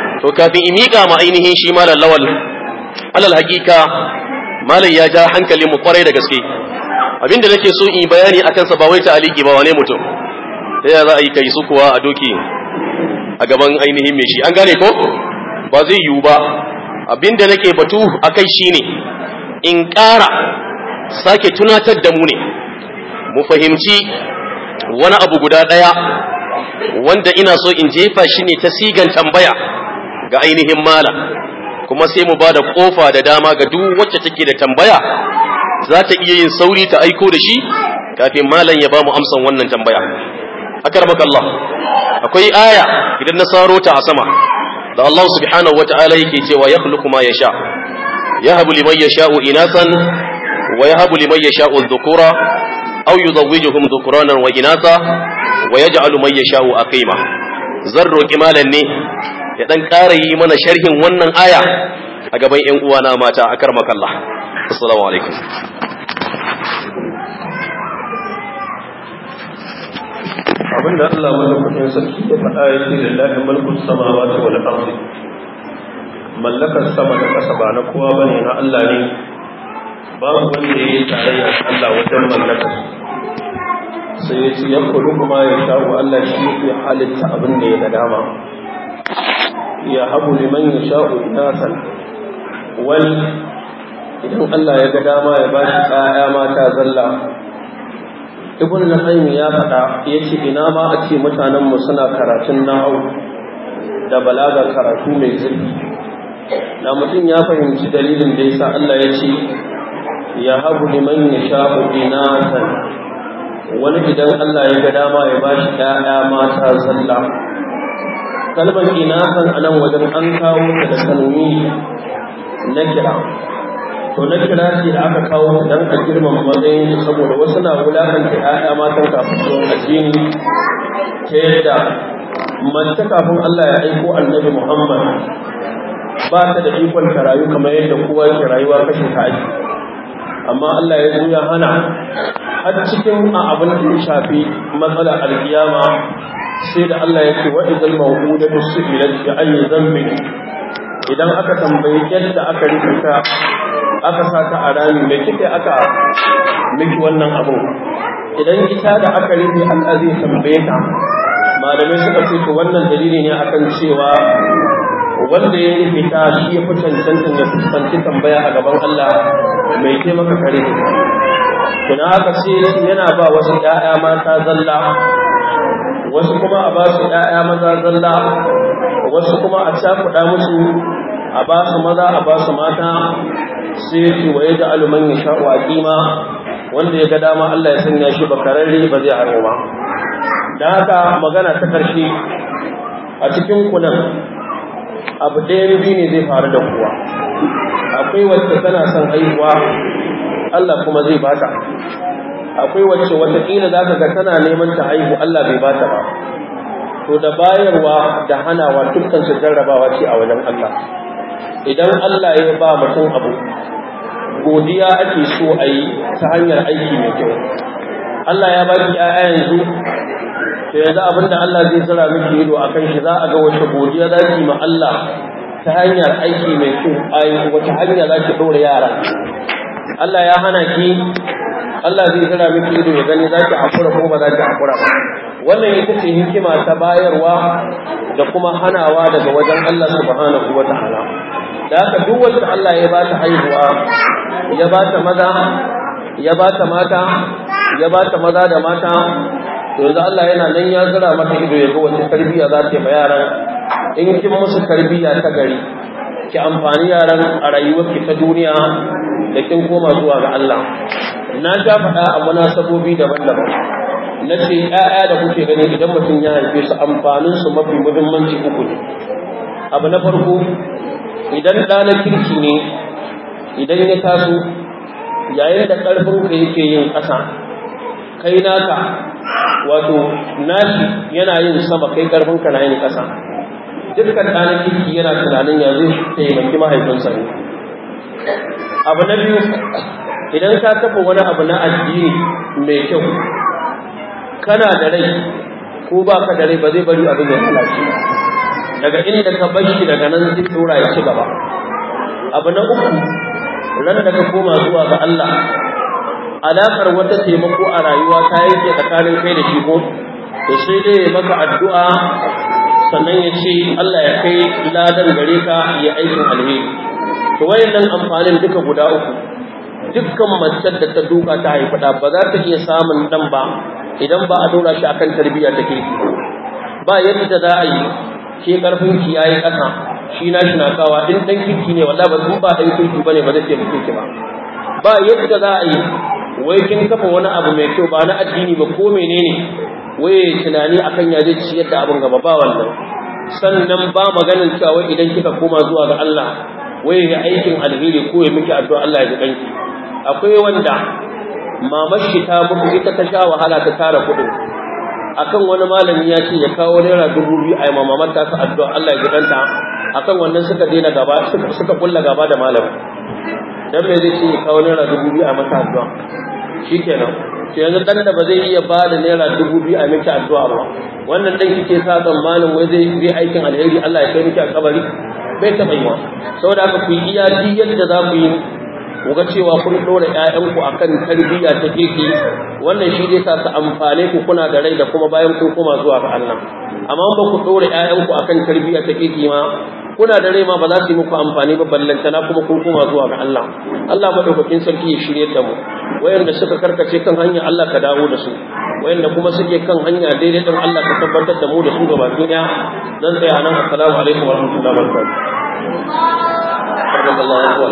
to kafin in miƙa ma ainihin shi malam lawal alal hakika malam ya ja hankali mu kwarai da gaske abinda nake so in bayani akan sa ba wai ta aliki ba wane mutum sai za a yi kai su kuwa a doki a gaban ainihin me shi an gane ko ba zai yiwu ba abinda nake batu a akai shine in ƙara sake tunatar da mu ne mu fahimci wani abu guda ɗaya wanda ina so in jefa shi ne ta sigan tambaya ga ainihin malam kuma sai mu ba da kofa da dama ga duk wacce take da tambaya za ta iya yin sauri ta aiko da shi kafin malam ya ba mu amsan wannan tambaya akarbakallah akwai aya idan na saro ta a sama da Allah subhanahu wata'ala yake cewa ya khluqu ma yasha yahabu liman yasha'u inasan wa yahabu liman yasha'u dhukura aw yuzawwijuhum dhukranan wa inatha wa yaj'alu man yasha'u aqima zan roki malam ne ya dan ƙara yi mana sharhin wannan aya a gaban ƴan uwa na mata akar makalla assalamu alaikum abinda Allah mulkin sarki ya faɗa yake lillahi mulkus samawati wal ardi mallakar sama da ƙasa ba na kowa bane na Allah ne babu wanda yake tarayya Allah wajen mallakar sai ya ce yankulu kuma ya shawo Allah shi ne halitta abin da ya dama يهب لمن يشاء إناثا wal idan Allah ya ga dama ya bashi ƴaƴa mata zalla ibn al ya faɗa ce ina ma a ce mutanen mu suna karatun nahwu da balaga karatu mai zurfi Na mutum ya fahimci dalilin da yasa Allah ya ce ya habu liman yasha'u inatan wani idan Allah ya ga dama ya bashi ƴaƴa mata zalla kalmar inasan a nan wajen an kawo ta da kalmi na kira to na kira ce da aka kawo ta don a girman matsayin saboda wasu na wulakanta ‘ya'ya matan kafin sun addini ta yadda mace kafin Allah ya aiko annabi Muhammad ba ta da ikon ta rayu kamar yadda kowa ke rayuwa kashe ta ake amma Allah ya zo ya hana har cikin abin da ya shafi matsalar alkiyama sai da Allah ya ce wa idal mawqudatu su'ilat bi ayi dhanbin idan aka tambaye yadda aka rubuta aka sa ta a rami me kike aka miki wannan abu idan ita da aka rubuta Allah zai tambaye ta malamai suka ce to wannan dalili ne akan cewa wanda ya yi fita shi ya fi cancanta ya fuskanci tambaya a gaban Allah mai taimaka kare da shi haka ce yana ba wasu ‘ya'ya mata zalla wasu kuma a ba su ‘ya'ya maza zalla wasu kuma a cakuɗa musu a ba su maza a ba su mata sai ce wa ya ja'alu man yasha'u wanda ya ga dama Allah ya sanya shi kararri ba zai ba da haka magana ta karshe a cikin kunan abu ɗaya biyu ne zai faru da kuwa akwai wacce tana son haihuwa Allah kuma zai bata akwai wacce kila za ka ga tana neman ta haihu Allah bai bata ba to da bayarwa da hanawa dukkan su jarrabawa ce a wajen Allah idan Allah ya ba mutum abu godiya ake so a yi ta hanyar aiki mai kyau Allah ya baki ƴaƴa yanzu to yanzu abin da Allah zai tsara miki ido kan shi za a ga wace godiya za ki ma Allah ta hanyar aiki mai kyau ai wace hanya za ki dora yara Allah ya hana ki Allah zai tsara miki ido ya gani za ki hakura ko ba za ki hakura ba wannan ita ce hikima ta bayarwa da kuma hanawa daga wajen Allah subhanahu wata'ala da haka duk wacce Allah ya ba ta haihuwa ya ba ta maza ya ba ta mata ya ba ta maza da mata yanzu Allah yana nan ya zira mata ido ya ga wace tarbiyya za ta yi yaran in kin musu tarbiyya ta gari ki amfani yaran a rayuwarki ta duniya da kin koma zuwa ga Allah na ja faɗa a sabobi daban-daban na ce ‘ya'ya da kuke gani idan mutum ya haife su amfanin su mafi muhimmanci uku ne abu na farko idan ɗa na kirki ne idan ya taso yayin da ka yake yin ƙasa kai naka wato nashi yana yin sama kai karfin ka na yin ƙasa dukkan ɗanin kiki yana tunanin ya zai taimaki mahaifinsa ne abu na biyu idan ka kafa wani abu na addini mai kyau kana da rai ko ba ka da rai ba zai bari abin ya lalace daga inda ka bar shi daga nan zai tura ya ci gaba abu na uku ran da ka koma zuwa ga Allah alaƙar wata taimako a rayuwa ta yake tsakanin kai da shi ko to sai dai ya maka addu'a sannan ya ce Allah ya kai ladan gare ka ya aikin alheri to wayannan amfanin duka guda uku dukkan macen da ta duka ta haifi da ba za ta iya samun dan ba idan ba a dora shi akan tarbiyya take ba yadda za a yi ke karfin ki yayi ƙasa shi na shi na kawa din dan kiki ne wallahi ba sun ba dan kiki bane ba zai ce ki ba ba yadda za a yi wai kin kafa wani abu mai kyau ba na addini ba ko menene waye tunani akan ya zai ciyar da abin gaba ba wannan sannan ba maganin cewa idan kika koma zuwa ga Allah waye ya aikin alheri ko ya miki addu'a Allah ya ji danki akwai wanda mamar shi ta buku ita ta sha wahala ta tara kuɗin akan wani malami ya ce ya kawo naira dubu biyu a yi mamamar ta su addu'a Allah ya ji danta akan wannan suka daina gaba suka kulla gaba da malam dan me zai ce ya kawo naira dubu biyu a mata addu'a shi kenan, to yanzu ɗan da ba zai iya ba da naira dubu biyu a miki addu'a ba wannan ɗan kike sa tsammanin wai zai yi aikin alheri Allah ya kai miki a kabari bai taɓa yi ba saboda haka ku yi iya yadda za ku yi ku ga cewa kun ɗora ‘ya'yanku a kan tarbiyya ta keke wannan shi zai sa su amfane ku kuna da rai da kuma bayan kun koma zuwa ga Allah amma ba ku ɗora ‘ya'yanku a kan tarbiyya ta keke ma kuna da rai ma ba za su yi muku amfani ba ballantana kuma kun kuma zuwa ga Allah Allah madaukakin sarki ya shirye ta mu wayanda suka karkace kan hanya Allah ka dawo da su wayanda kuma suke kan hanya daidai don Allah ka tabbatar da mu da su gaba duniya dan tsaya nan assalamu alaikum wa rahmatullahi wa barakatuh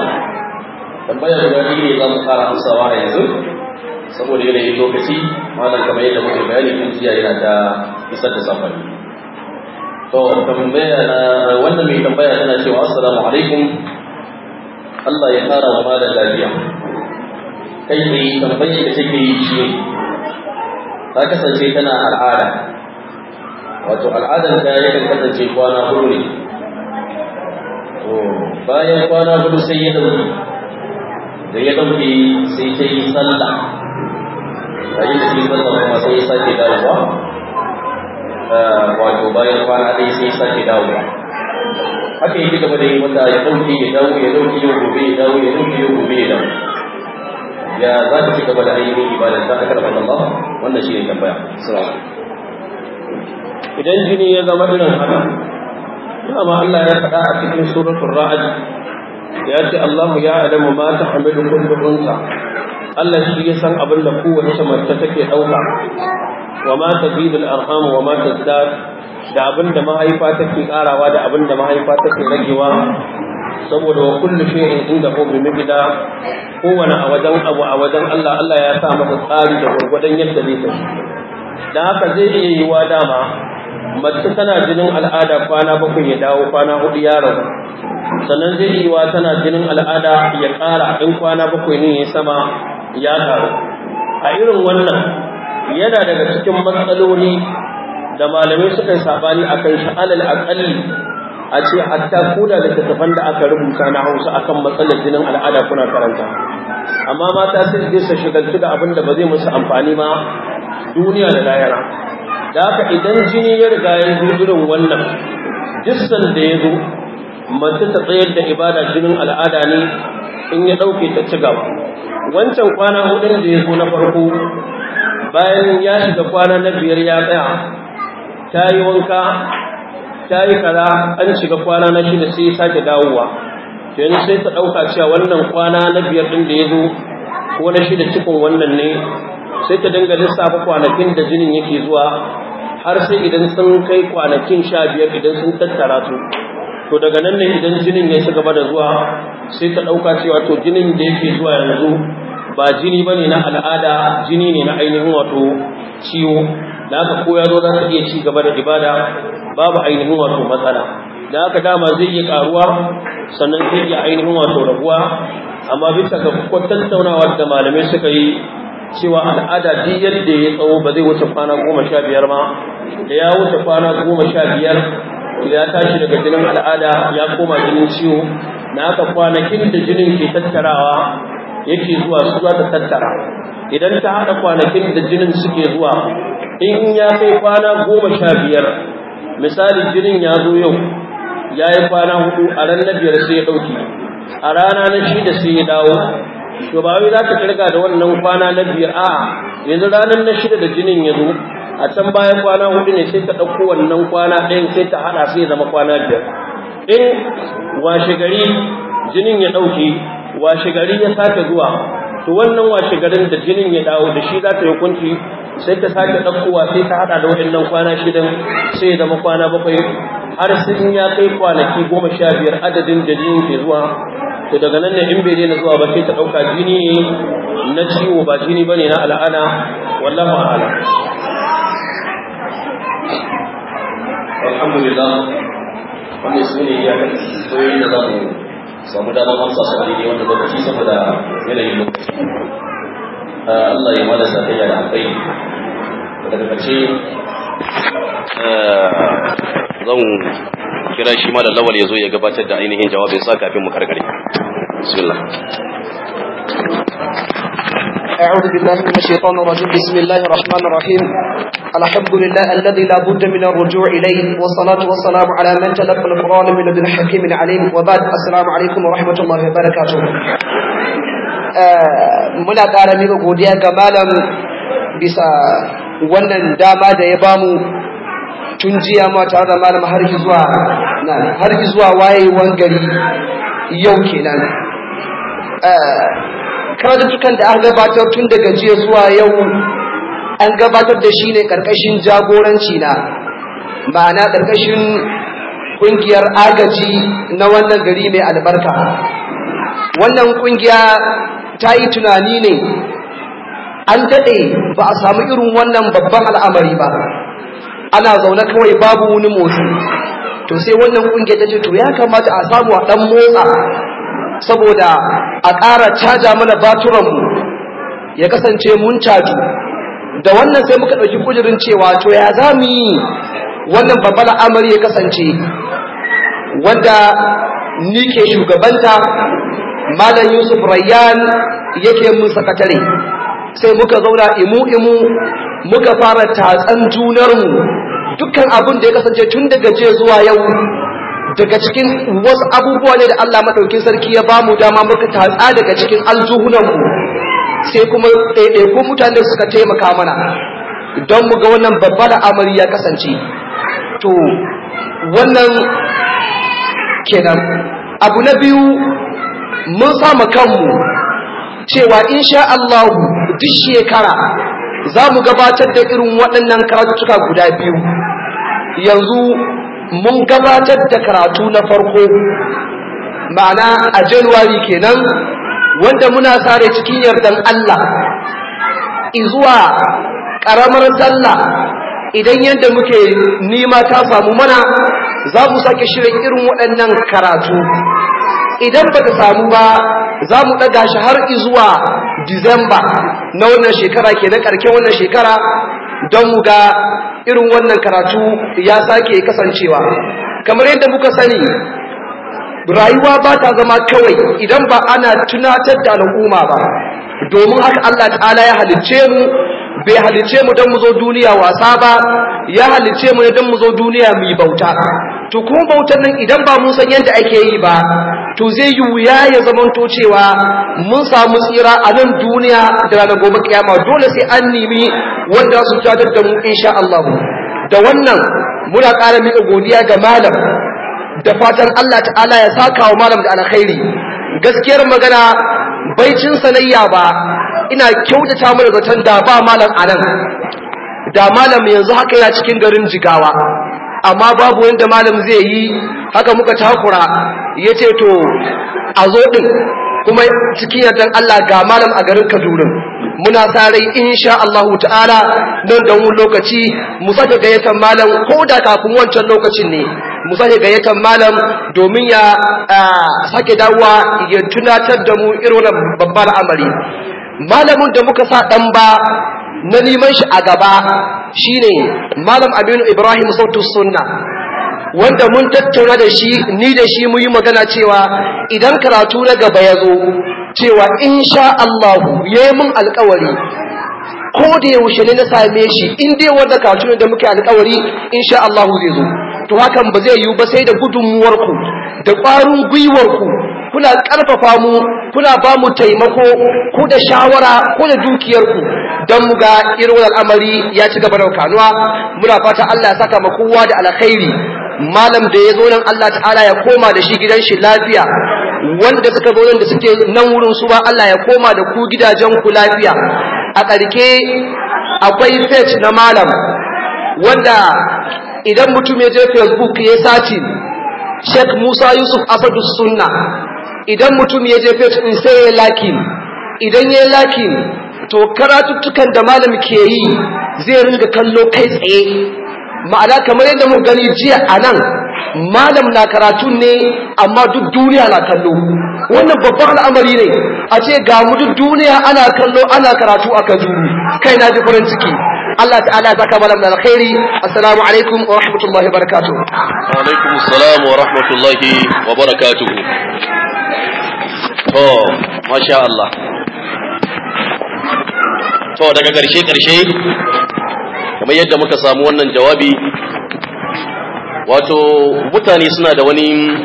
tambaya da gani ne za mu fara amsawa a yanzu saboda yanayin lokaci malam kamar yadda muke bayani kun jiya yana da isar da safari to tambaya wannan mai tambaya tana cewa assalamu alaikum Allah ya fara wa da lafiya kai ne tambayar da take yi shi ta kasance tana al'ada wato al'adar ta yakan kasance kwana hudu ne to bayan kwana hudu sai ya dauki da ya dauki sai ta yi sallah yayin da shi sallah kuma sai ya sake dawowa Eh, wato bayan kwana ɗaya sai sake dawo. haka yi gaba da yi wata ya ɗauki ya dawo ya ɗauki yau gobe ya dawo ya ɗauki yau gobe ya dawo ya za ka ci gaba da ainihin ibadar ta akar ba Allah wannan shi ne tambaya idan jini ya zama irin haka dama Allah ya faɗa a cikin suratul ra'd ya ce Allahu ya alamu ma tahmilu kullu unsa Allah shi ya san abin da kowace mace take ɗauka wa ma tazidul arham wa ma tazdad da abin da mahaifa take karawa da abin da mahaifa take ragewa saboda wa kullu shay'in inda hu bi miqda kowane a wajen abu a wajen Allah Allah ya sa masa tsari da gwargwadon yadda zai tafi Da haka zai iya yi wa dama mace tana jinin al'ada kwana bakwai ya dawo kwana hudu ya rabu sannan zai iya wa tana jinin al'ada ya ƙara in kwana bakwai ne ya sama ya karu a irin wannan yana daga cikin matsaloli da malamai suka yi sabani a kan shi alal aƙalli a ce hatta kuna littattafan da aka rubuta na hausa akan matsalar jinin al'ada kuna karanta amma mata sai su shigaltu da abin da ba zai musu amfani ma duniya da layara da haka idan jini ya riga ya zo irin wannan jissan da ya zo mace ta tsayar da ibada jinin al'ada ne in ya ɗauke ta ci gaba wancan kwana hudun da ya zo na farko bayan ya shiga kwana na biyar ya tsaya ta yi wanka ta yi kaza an shiga kwana na shida sai ya sake dawowa to yanzu sai ta ɗauka cewa wannan kwana na biyar ɗin da ya zo ko na shida cikin wannan ne sai ta dinga lissafa kwanakin da jinin yake zuwa har sai idan sun kai kwanakin sha biyar idan sun tattara su to daga nan ne idan jinin ya ci gaba da zuwa sai ta ɗauka cewa to jinin da yake zuwa yanzu ba jini ba ne na al'ada jini ne na ainihin wato ciwo da haka ko ya zo za ta iya ci gaba da ibada babu ainihin wato matsala da haka dama zai iya karuwa sannan zai iya ainihin wato rabuwa? amma bisa ga tattaunawa da malamai suka yi cewa al'ada duk yadda ya tsawo ba zai wuce kwana goma sha biyar ba da ya wuce kwana goma sha biyar ya tashi daga jinin al'ada ya koma jinin ciwo na haka kwanakin da jinin ke tattarawa yake zuwa su za ta tattara idan ta haɗa kwanakin da jinin suke zuwa in ya kai kwana goma sha biyar misali jinin ya zo yau ya yi kwana hudu a ran na biyar sai ya ɗauki a rana na shida sai ya dawo to ba wai za ka kirga da wannan kwana na biyar a yanzu ranar na shida da jinin ya zo a can bayan kwana hudu ne sai ka ɗauko wannan kwana ɗayan sai ta haɗa sai zama kwana biyar in washe gari jinin ya ɗauke washe gari ya sake zuwa to wannan washe garin da jinin ya dawo da shi za ta yi kunci sai ta sake ɗaukowa sai ta haɗa da waɗannan kwana shidan sai ya zama bakwai har sun ya kai kwanaki goma sha biyar adadin da jinin ke zuwa to daga nan ne in bai daina zuwa ba sai ta ɗauka jini ne na ciwo ba jini ba ne na al'ada wallahu a'ala alhamdulillah wannan su ne ya kai da za mu saboda damar amsa sa ne wanda lokaci saboda yanayin lokaci ah, Allah ya mala sa da akwai daga kace ah, zan kira shi ma da lawal ya zo ya gabatar da ainihin jawabin sa kafin mu karkare bismillah أعوذ بالله من الشيطان الرجيم بسم الله الرحمن الرحيم الحمد لله الذي لا بد من الرجوع إليه والصلاة والسلام على من تلقى القرآن من لدن حكيم عليم وبعد السلام عليكم ورحمة الله وبركاته muna ƙara mika godiya ga malam bisa wannan dama da ya bamu tun jiya ma tare da malam har zuwa nan har zuwa wayewan gari yau kenan karatukan da aka gabatar tun daga jiya zuwa yau an gabatar da shi ne ƙarƙashin jagoranci na ma'ana ƙarƙashin ƙungiyar agaji na wannan gari mai albarka wannan ƙungiya ta yi tunani ne an daɗe ba a samu irin wannan babban al'amari ba ana zaune kawai babu wani motsi to sai wannan ƙungiya ta ce to ya kamata a samu a ɗan motsa saboda a ƙara caja mana baturanmu ya kasance mun caju da wannan sai muka ɗauki kujirin cewa to ya za mu yi wannan babbar amari ya kasance wanda ni ke shugabanta malam yusuf rayyan yake mun sakatare sai muka zauna imu-imu muka fara tatsan junarmu dukkan abin da ya kasance tun daga je zuwa yau daga cikin wasu abubuwa ne da Allah madaukin sarki ya bamu dama muka tatsa daga cikin aljuhunan mu sai kuma ko mutane suka taimaka mana don mu ga wannan babbar amari ya kasance to wannan kenan abu na biyu mun sama kanmu cewa insha Allah duk shekara za mu gabatar da irin waɗannan karatuka guda biyu yanzu mun gabatar da karatu na farko ma'ana a januwari kenan wanda muna sare cikin yardan Allah zuwa ƙaramar sallah idan yadda muke nima ta samu mana za mu sake shirin irin waɗannan karatu idan ba ta samu ba za mu ɗaga shi har zuwa disamba na wannan shekara ke na ƙarƙen wannan shekara don mu ga irin wannan karatu ya sake kasancewa kamar yadda muka sani rayuwa ba ta zama kawai idan ba ana tunatar da al'umma ba domin haka Allah ta'ala ya halicce mu bai halice mu don mu zo duniya wasa ba ya halice mu don mu zo duniya mu yi bauta to kuma bautar nan idan ba mun san yadda ake yi ba to zai yi wuya ya to cewa mun samu tsira a nan duniya da ranar gobe kiyama dole sai an nemi wanda su tatar da mu insha Allah da wannan muna ƙara miƙa godiya ga malam da fatan Allah ta'ala ya saka wa malam da alkhairi gaskiyar magana baicin sanayya ba ina kyautata mana zaton da ba malam anan da malam yanzu haka yana cikin garin jigawa amma babu wanda malam zai yi haka muka takura ya ce to a zo ɗin kuma cikin yardan Allah ga malam a garin Kaduna muna sa rai insha Allah ta'ala nan da wani lokaci mu sake gayyatar malam ko da kafin wancan lokacin ne mu sake gayyatar malam domin ya sake dawowa ya tunatar da mu irin babbar amari malamin da muka sa dan ba na neman shi a gaba shine malam Aminu Ibrahim Sautu Sunna wanda mun tattauna da shi ni da shi mu yi magana cewa idan karatu na gaba ya zo cewa in sha Allah yayi mun alkawari ko da yaushe ne na same shi in dai wanda ne da muke alƙawari insha Allah zai zo to hakan ba zai yiwu ba sai da gudunmuwar da ƙwarin gwiwarku, kuna ƙarfafa mu kuna ba mu taimako ko da shawara ko da dukiyarku. don mu ga irin wannan al'amari ya ci gaba da kanuwa muna fata Allah ya saka ma kowa da alkhairi malam da ya zo nan Allah ta'ala ya koma da shi gidan shi lafiya wanda suka zo nan da suke nan wurin su ba Allah ya koma da ku gidajen ku lafiya a ƙarke akwai fetch na malam wanda idan mutum ya je Facebook ya sace Sheikh Musa Yusuf Asadu Sunna idan mutum ya je fetch din sai ya lakin idan ya lakin to karatuttukan da malam ke yi zai ringa kallo kai tsaye ma'ana kamar yadda mun gani jiya a nan malam na karatu ne amma duk duniya na kallo wannan babban al'amari ne a ce ga mu duk duniya ana kallo ana karatu a kajuru kai na ji farin ciki Allah ta'ala zaka malam da alkhairi assalamu alaikum wa rahmatullahi wa barakatuh wa alaikum assalam wa rahmatullahi wa barakatuh to oh, masha Allah to daga ƙarshe ƙarshe kamar yadda muka samu wannan jawabi wato mutane suna da wani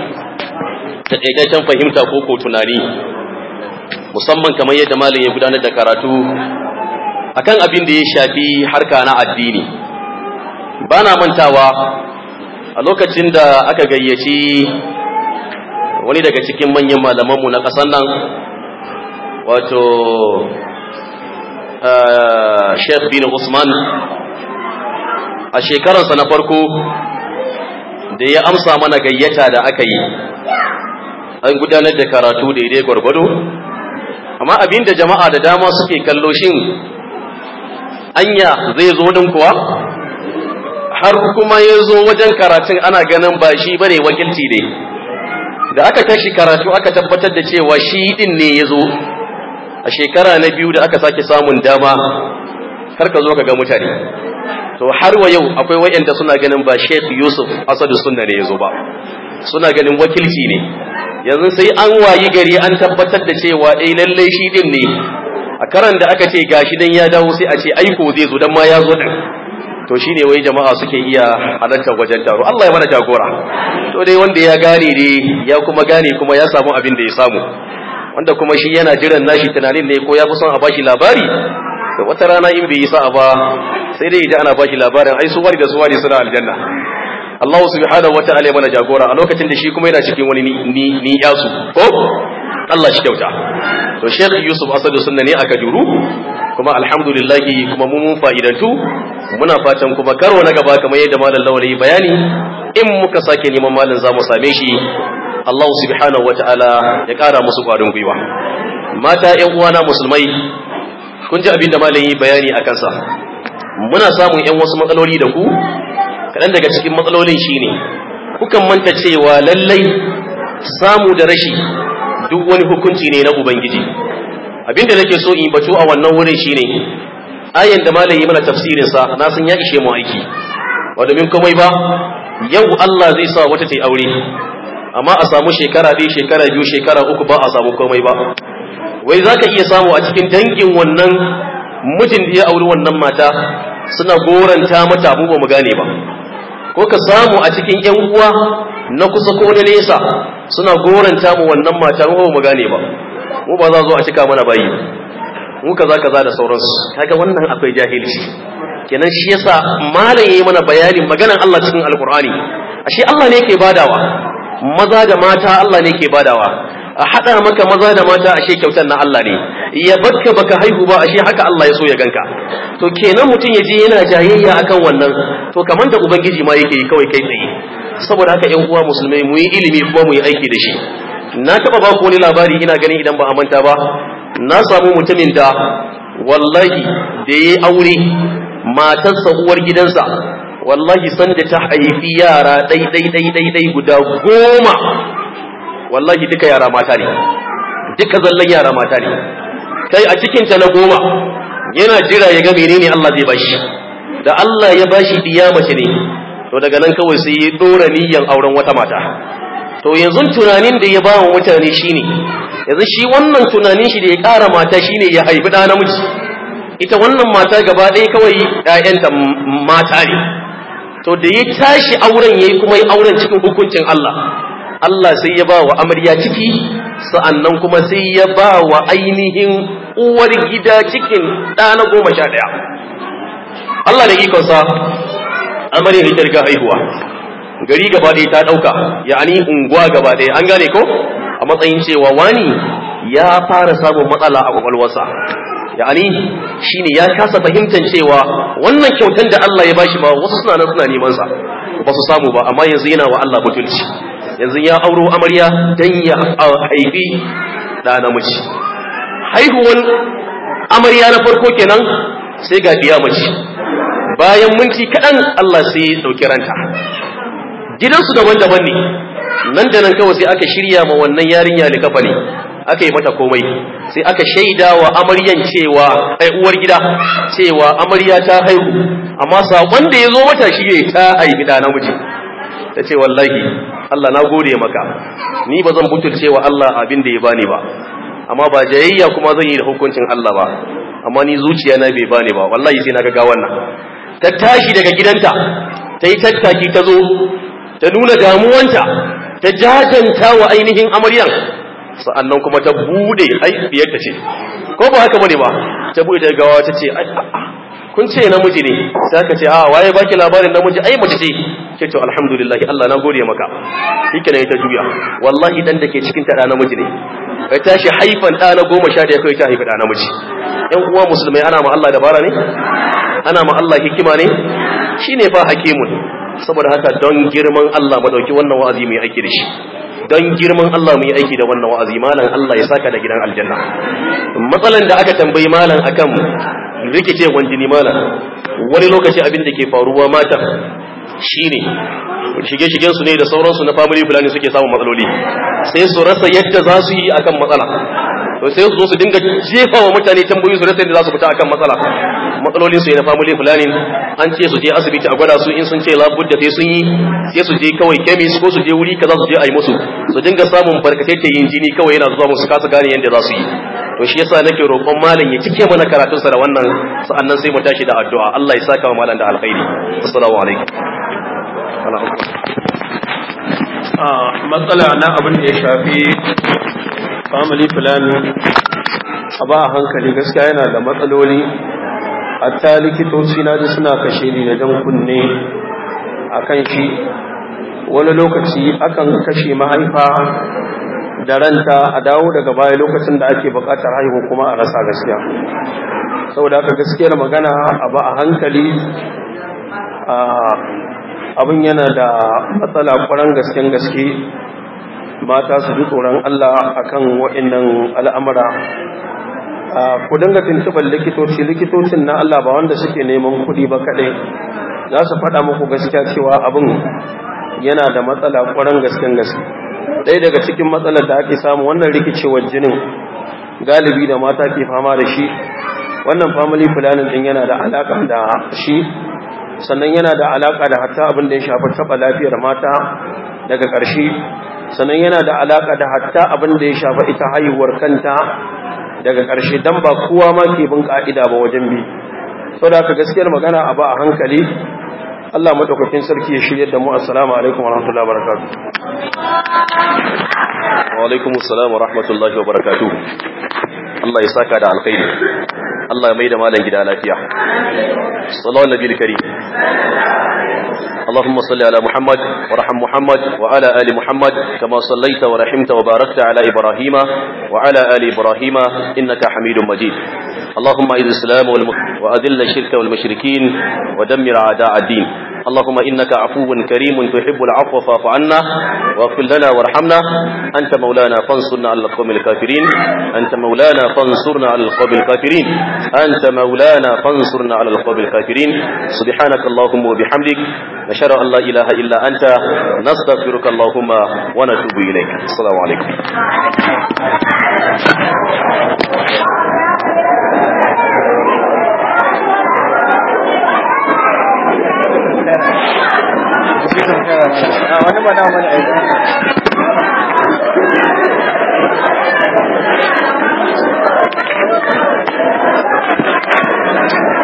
taƙaitaccen fahimta ko ko tunani musamman kamar yadda malin ya gudanar da karatu akan abin da ya shafi harka na addini ba na mantawa a lokacin da aka gayyaci wani daga cikin manyan malamanmu na ƙasar nan wato Sheikh bin Usman a shekararsa na farko da ya amsa mana gayyata da aka yi an gudanar da karatu daidai gwargwado amma abinda jama'a da dama suke kallo shin anya zai zo din kuwa har kuma ya zo wajen karatun ana ganin ba shi bane wakilci ne da aka kashi karatu aka tabbatar da cewa shi din ne ya zo a shekara na biyu da aka sake samun dama kar ka zo ka ga mutane to har wa yau akwai wayanda suna ganin ba Sheikh Yusuf Asadu Sunna ne yazo ba suna ganin wakilci ne yanzu sai an wayi gari an tabbatar da cewa eh lalle shi din ne a karan da aka ce gashi dan ya dawo sai a ce aiko zai zo dan ma ya zo din to shine wai jama'a suke iya halartar wajen taro Allah ya mana jagora to dai wanda ya gane dai ya kuma gane kuma ya samu abin da ya samu wanda kuma shi yana jiran nashi tunanin ne ko ya fi son a bashi labari da wata rana in bai yi sa'a ba sai dai idan ana bashi labarin ai su wani da su wani suna aljanna Allah subhanahu wata'ala ya mana jagora a lokacin da shi kuma yana cikin wani ni ni yasu ko Allah shi kyauta to Sheikh Yusuf Asadu sunna ne aka juru kuma alhamdulillah kuma mu mun fa'idantu muna fatan kuma karo na gaba kamar yadda malam Lawal yi bayani in muka sake neman malam mu same shi Allah subhanahu wataala ya kara musu kwarin gwiwa mata ƴan uwana musulmai kun ji abin da malami bayani a kansa muna samun ƴan wasu matsaloli da ku kaɗan daga cikin matsalolin shine kukan manta cewa lallai samu da rashi duk wani hukunci ne na ubangiji abin da nake so in batu a wannan wurin shine ayan da malami mana tafsirin sa na san ya ishe mu aiki ba domin komai ba yau Allah zai sa wata ta yi aure amma a samu shekara ɗaya shekara biyu shekara uku ba a samu komai ba wai za ka iya samu a cikin dangin wannan mijin da ya auri wannan mata suna goranta mata mu ba mu gane ba ko ka samu a cikin yan uwa na kusa ko na nesa suna goranta mu wannan mata mu ba mu gane ba mu ba za zo a cika mana bayi mu kaza kaza da sauransu kaga wannan akwai jahilci kenan shi yasa malam yayi mana bayanin maganar Allah cikin alkur'ani ashe Allah ne yake badawa maza da mata Allah ne ke badawa a haɗa maka maza da mata ashe kyautar na Allah ne ya baka baka haihu ba ashe haka Allah ya so ya ganka to kenan mutum ya je yana jayayya akan wannan to kamar da ubangiji ma yake yi kawai kai tsaye saboda haka ƴan uwa musulmai mu yi ilimi kuma mu yi aiki da shi na taɓa ba ku wani labari ina ganin idan ba a manta ba na samu mutumin da wallahi da ya yi aure matarsa uwar gidansa wallahi sanda ta haifi yara ɗai-ɗai-ɗai guda goma wallahi duka yara mata ne duka zallan yara mata ne sai a cikinta na goma yana jira ya ga menene Allah zai bashi da Allah ya bashi diya mace ne to daga nan kawai sai ya dora niyyar auren wata mata to yanzu tunanin da ya ba wa mutane shine yanzu shi wannan tunanin shi da ya ƙara mata shine ya haifi ɗa namiji ita wannan mata gaba ɗaya kawai ‘ya'yanta mata ne to da ya tashi auren yayi kuma ya auren cikin hukuncin Allah Allah sai ya ba wa amarya ciki sa'annan kuma sai ya ba wa ainihin uwar gida cikin ɗa na goma sha ɗaya Allah da ikonsa amarya ta riga haihuwa gari gaba ɗaya ta ɗauka ya'ani unguwa gaba ɗaya an gane ko a matsayin cewa wani ya fara samun matsala a kwakwalwarsa yani shine ya kasa fahimtar cewa wannan kyautar da Allah ya bashi ba wasu suna nan suna neman sa ba su samu ba amma yanzu yana wa Allah mutunci yanzu ya auro amarya dan ya haifi da namiji haihuwan amarya na farko kenan sai ga diya mace bayan minti kaɗan Allah sai ya ɗauki ranta gidansu daban-daban ne nan da nan kawai sai aka shirya ma wannan yarinya likafa ne aka yi mata komai sai aka shaida wa amaryan cewa ai uwar gida cewa amarya ta haihu amma sakon da ya zo mata shi ne ta haifi da namiji ta ce wallahi Allah na gode maka ni ba zan butulcewa Allah abin da ya bani ba amma ba jayayya kuma zan yi da hukuncin Allah ba amma ni zuciya na bai bani ba wallahi sai na ga wannan ta tashi daga gidanta ta yi tattaki ta zo ta nuna damuwanta ta jajanta wa ainihin amaryan sa'annan kuma ta bude ai biyar ta ce ko ba haka bane ba ta bude ta gawa ta ce ai kun ce namiji ne sai ka ce a waye baki labarin namiji ai mace ce ke to alhamdulillah Allah na gode maka shike ne ta juya wallahi dan da ke cikin ta da namiji ne kai tashi haifan da na goma sha da kai ta haifa da namiji ɗan uwa musulmai ana ma Allah dabara ne ana ma Allah hikima ne shine fa hakimun saboda haka don girman Allah madauki wannan wa'azi mai ake da shi don girman Allah mu yi aiki da wannan wa'azi malam Allah ya saka da gidan aljanna matsalan da aka tambayi malam akan rikice jini malam wani lokaci abin da ke faruwa mata shine shige-shigen su ne da sauransu na family planning suke samun matsaloli sai su rasa yadda za su yi akan matsala to sai su zo su dinga jefa wa mutane tambayoyi su rasa yadda za su fita akan matsala matsalolin su ne na family planning an ce su je asibiti a gwada su in sun ce da sai sun yi sai su je kawai chemist ko su je wuri kaza su je a musu su dinga samun barkatai ta yin jini kawai yana zuwa musu kasa gane yadda za su yi to shi yasa nake roƙon malam ya cike mana karatun sa da wannan sa'annan sai mu tashi da addu'a Allah ya saka wa malam da alkhairi assalamu alaikum ah, matsala na abin da ya shafi family fulani a ba a hankali gaskiya yana da matsaloli hatta likitoci na ji suna kashe ni da kunne akan shi wani lokaci akan kashe mahaifa da ranta a dawo daga baya lokacin da ake bukatar haihu kuma a rasa gaskiya saboda haka gaskiyar magana a ba a hankali abin yana da matsala kwaran gasken gaske mata su ji tsoron Allah a kan waɗannan al'amura ku dinga tuntuɓar likitoci likitocin na Allah ba wanda suke neman kuɗi ba kaɗai za su faɗa muku gaskiya cewa abin yana da matsala ƙwarar gasken gaske ɗaya daga cikin matsalar da ake samu wannan rikicewar jinin galibi da mata ke fama da shi wannan family planning ɗin yana da alaƙa da shi sannan yana da alaƙa da hatta abin da ya shafi taɓa lafiyar mata daga ƙarshe sannan yana da alaka da hatta abin da ya shafa ita haihuwar kanta daga ƙarshe dan ba kowa ma ke bin ka'ida ba wajen bi da aka gaskiyar magana a ba a hankali Allah madaukakin sarki ya shirye da mu assalamu alaikum warahmatullahi wabarakatuh wa alaikum assalam wa rahmatullahi wa Allah ya saka da alkhairi Allah ya mai da malam gida lafiya sallallahu nabiyil karim اللهم صل على محمد ورحم محمد وعلى آل محمد كما صليت ورحمت وباركت على إبراهيم وعلى آل إبراهيم إنك حميد مجيد اللهم إذ السلام والم... وأذل الشرك والمشركين ودمر أعداء الدين اللهم إنك عفو كريم تحب العفو فاعف عنا واغفر لنا وارحمنا أنت مولانا فانصرنا على القوم الكافرين أنت مولانا فانصرنا على القوم الكافرين أنت مولانا فانصرنا على القوم الكافرين سبحانك اللهم وبحمدك نشهد أن لا إله إلا أنت نستغفرك اللهم ونتوب إليك السلام عليكم wani ba na mana aiki Thank you.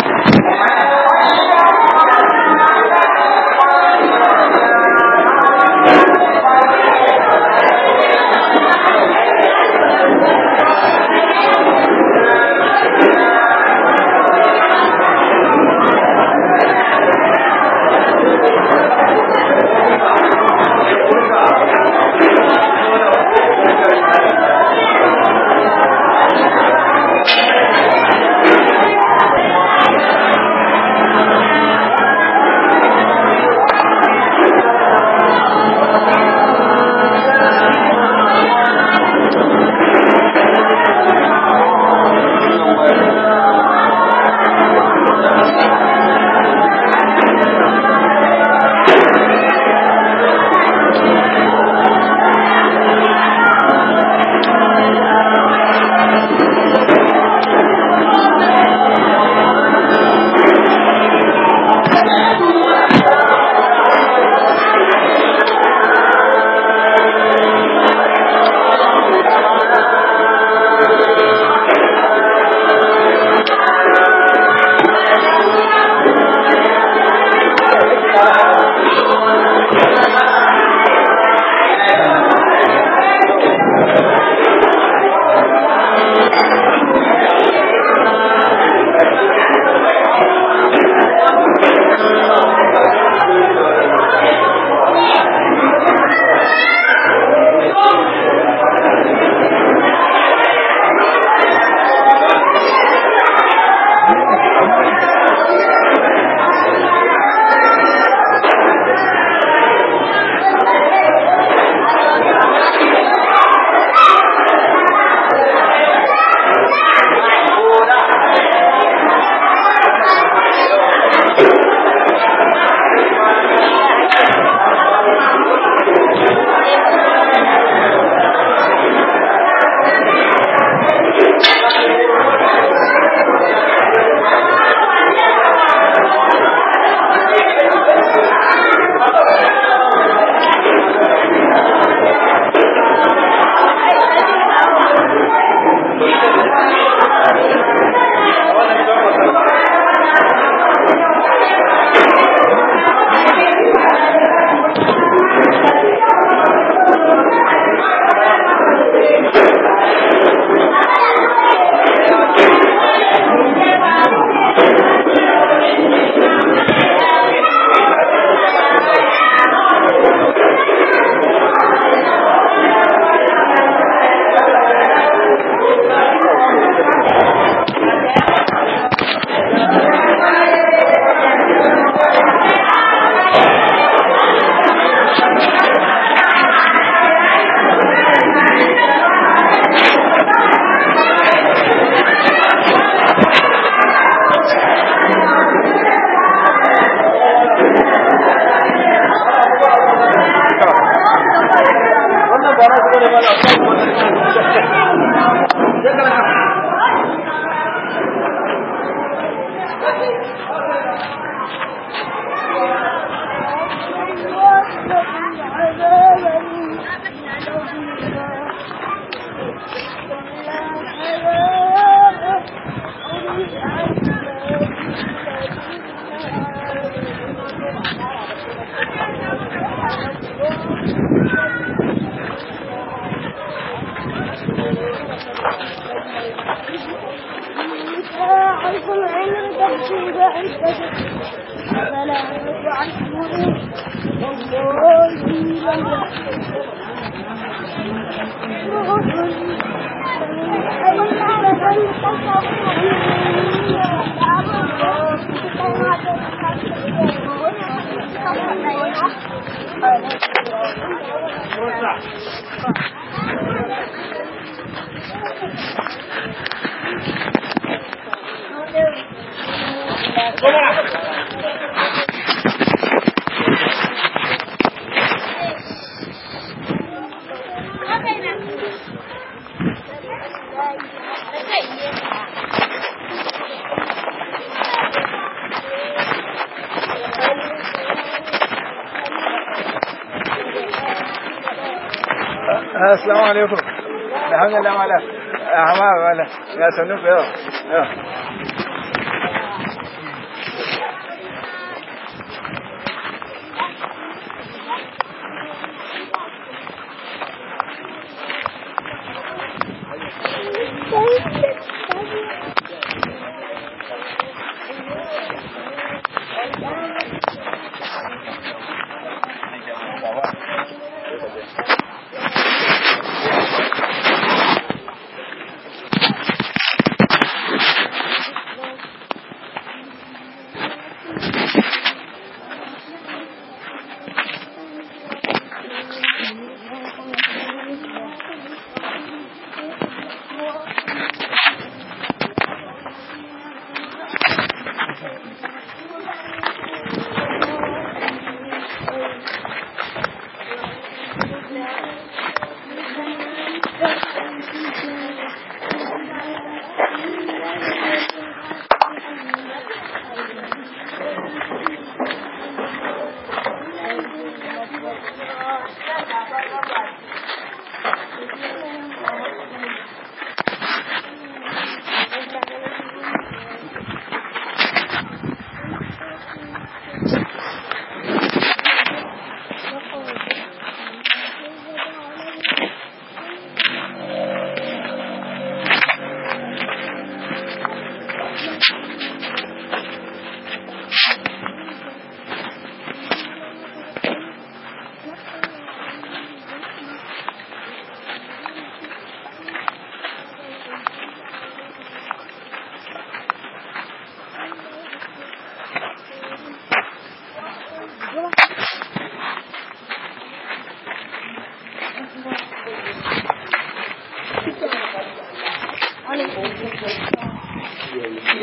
عليكم لا حول ولا قوة ما بالله يا سنوك يا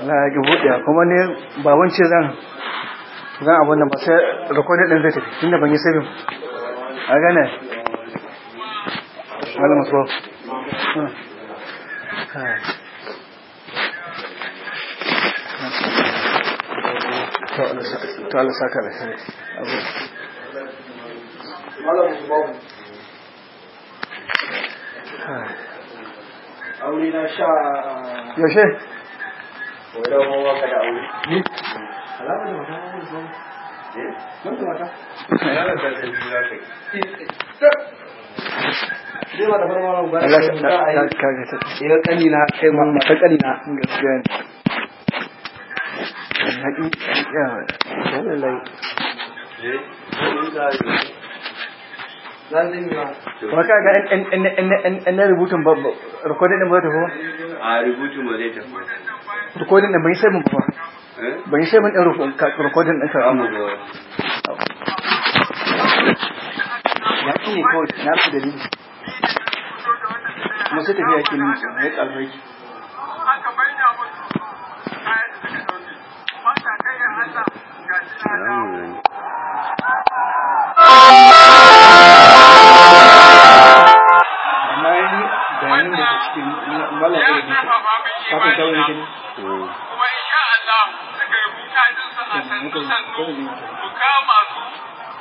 Allah ya buɗe kuma ne ba wance zan zan abin da ba sai rikodin ɗin zai tafi tunda ban yi sabin a gane wani masu to Allah saka da shi aure na sha uh, yaushe wadda kuma waka da aure da mata wani zuwa mata da eh? zai zai farma wani da iya kai ma mata gaskiya ne lai kuma ka ga an na rubutun ba rikodin da ba zai tafi a rubutun ba zai tafi rikodin da bai sai mun ba eh? bai sai mun din rikodin din ka amma ba ya ci ne kawai na fi dalili kuma sai tafiya ke nisa ya kalmai Salamu alaikum. kawai ne kuma insha Allah suka yi kuka din suna san kama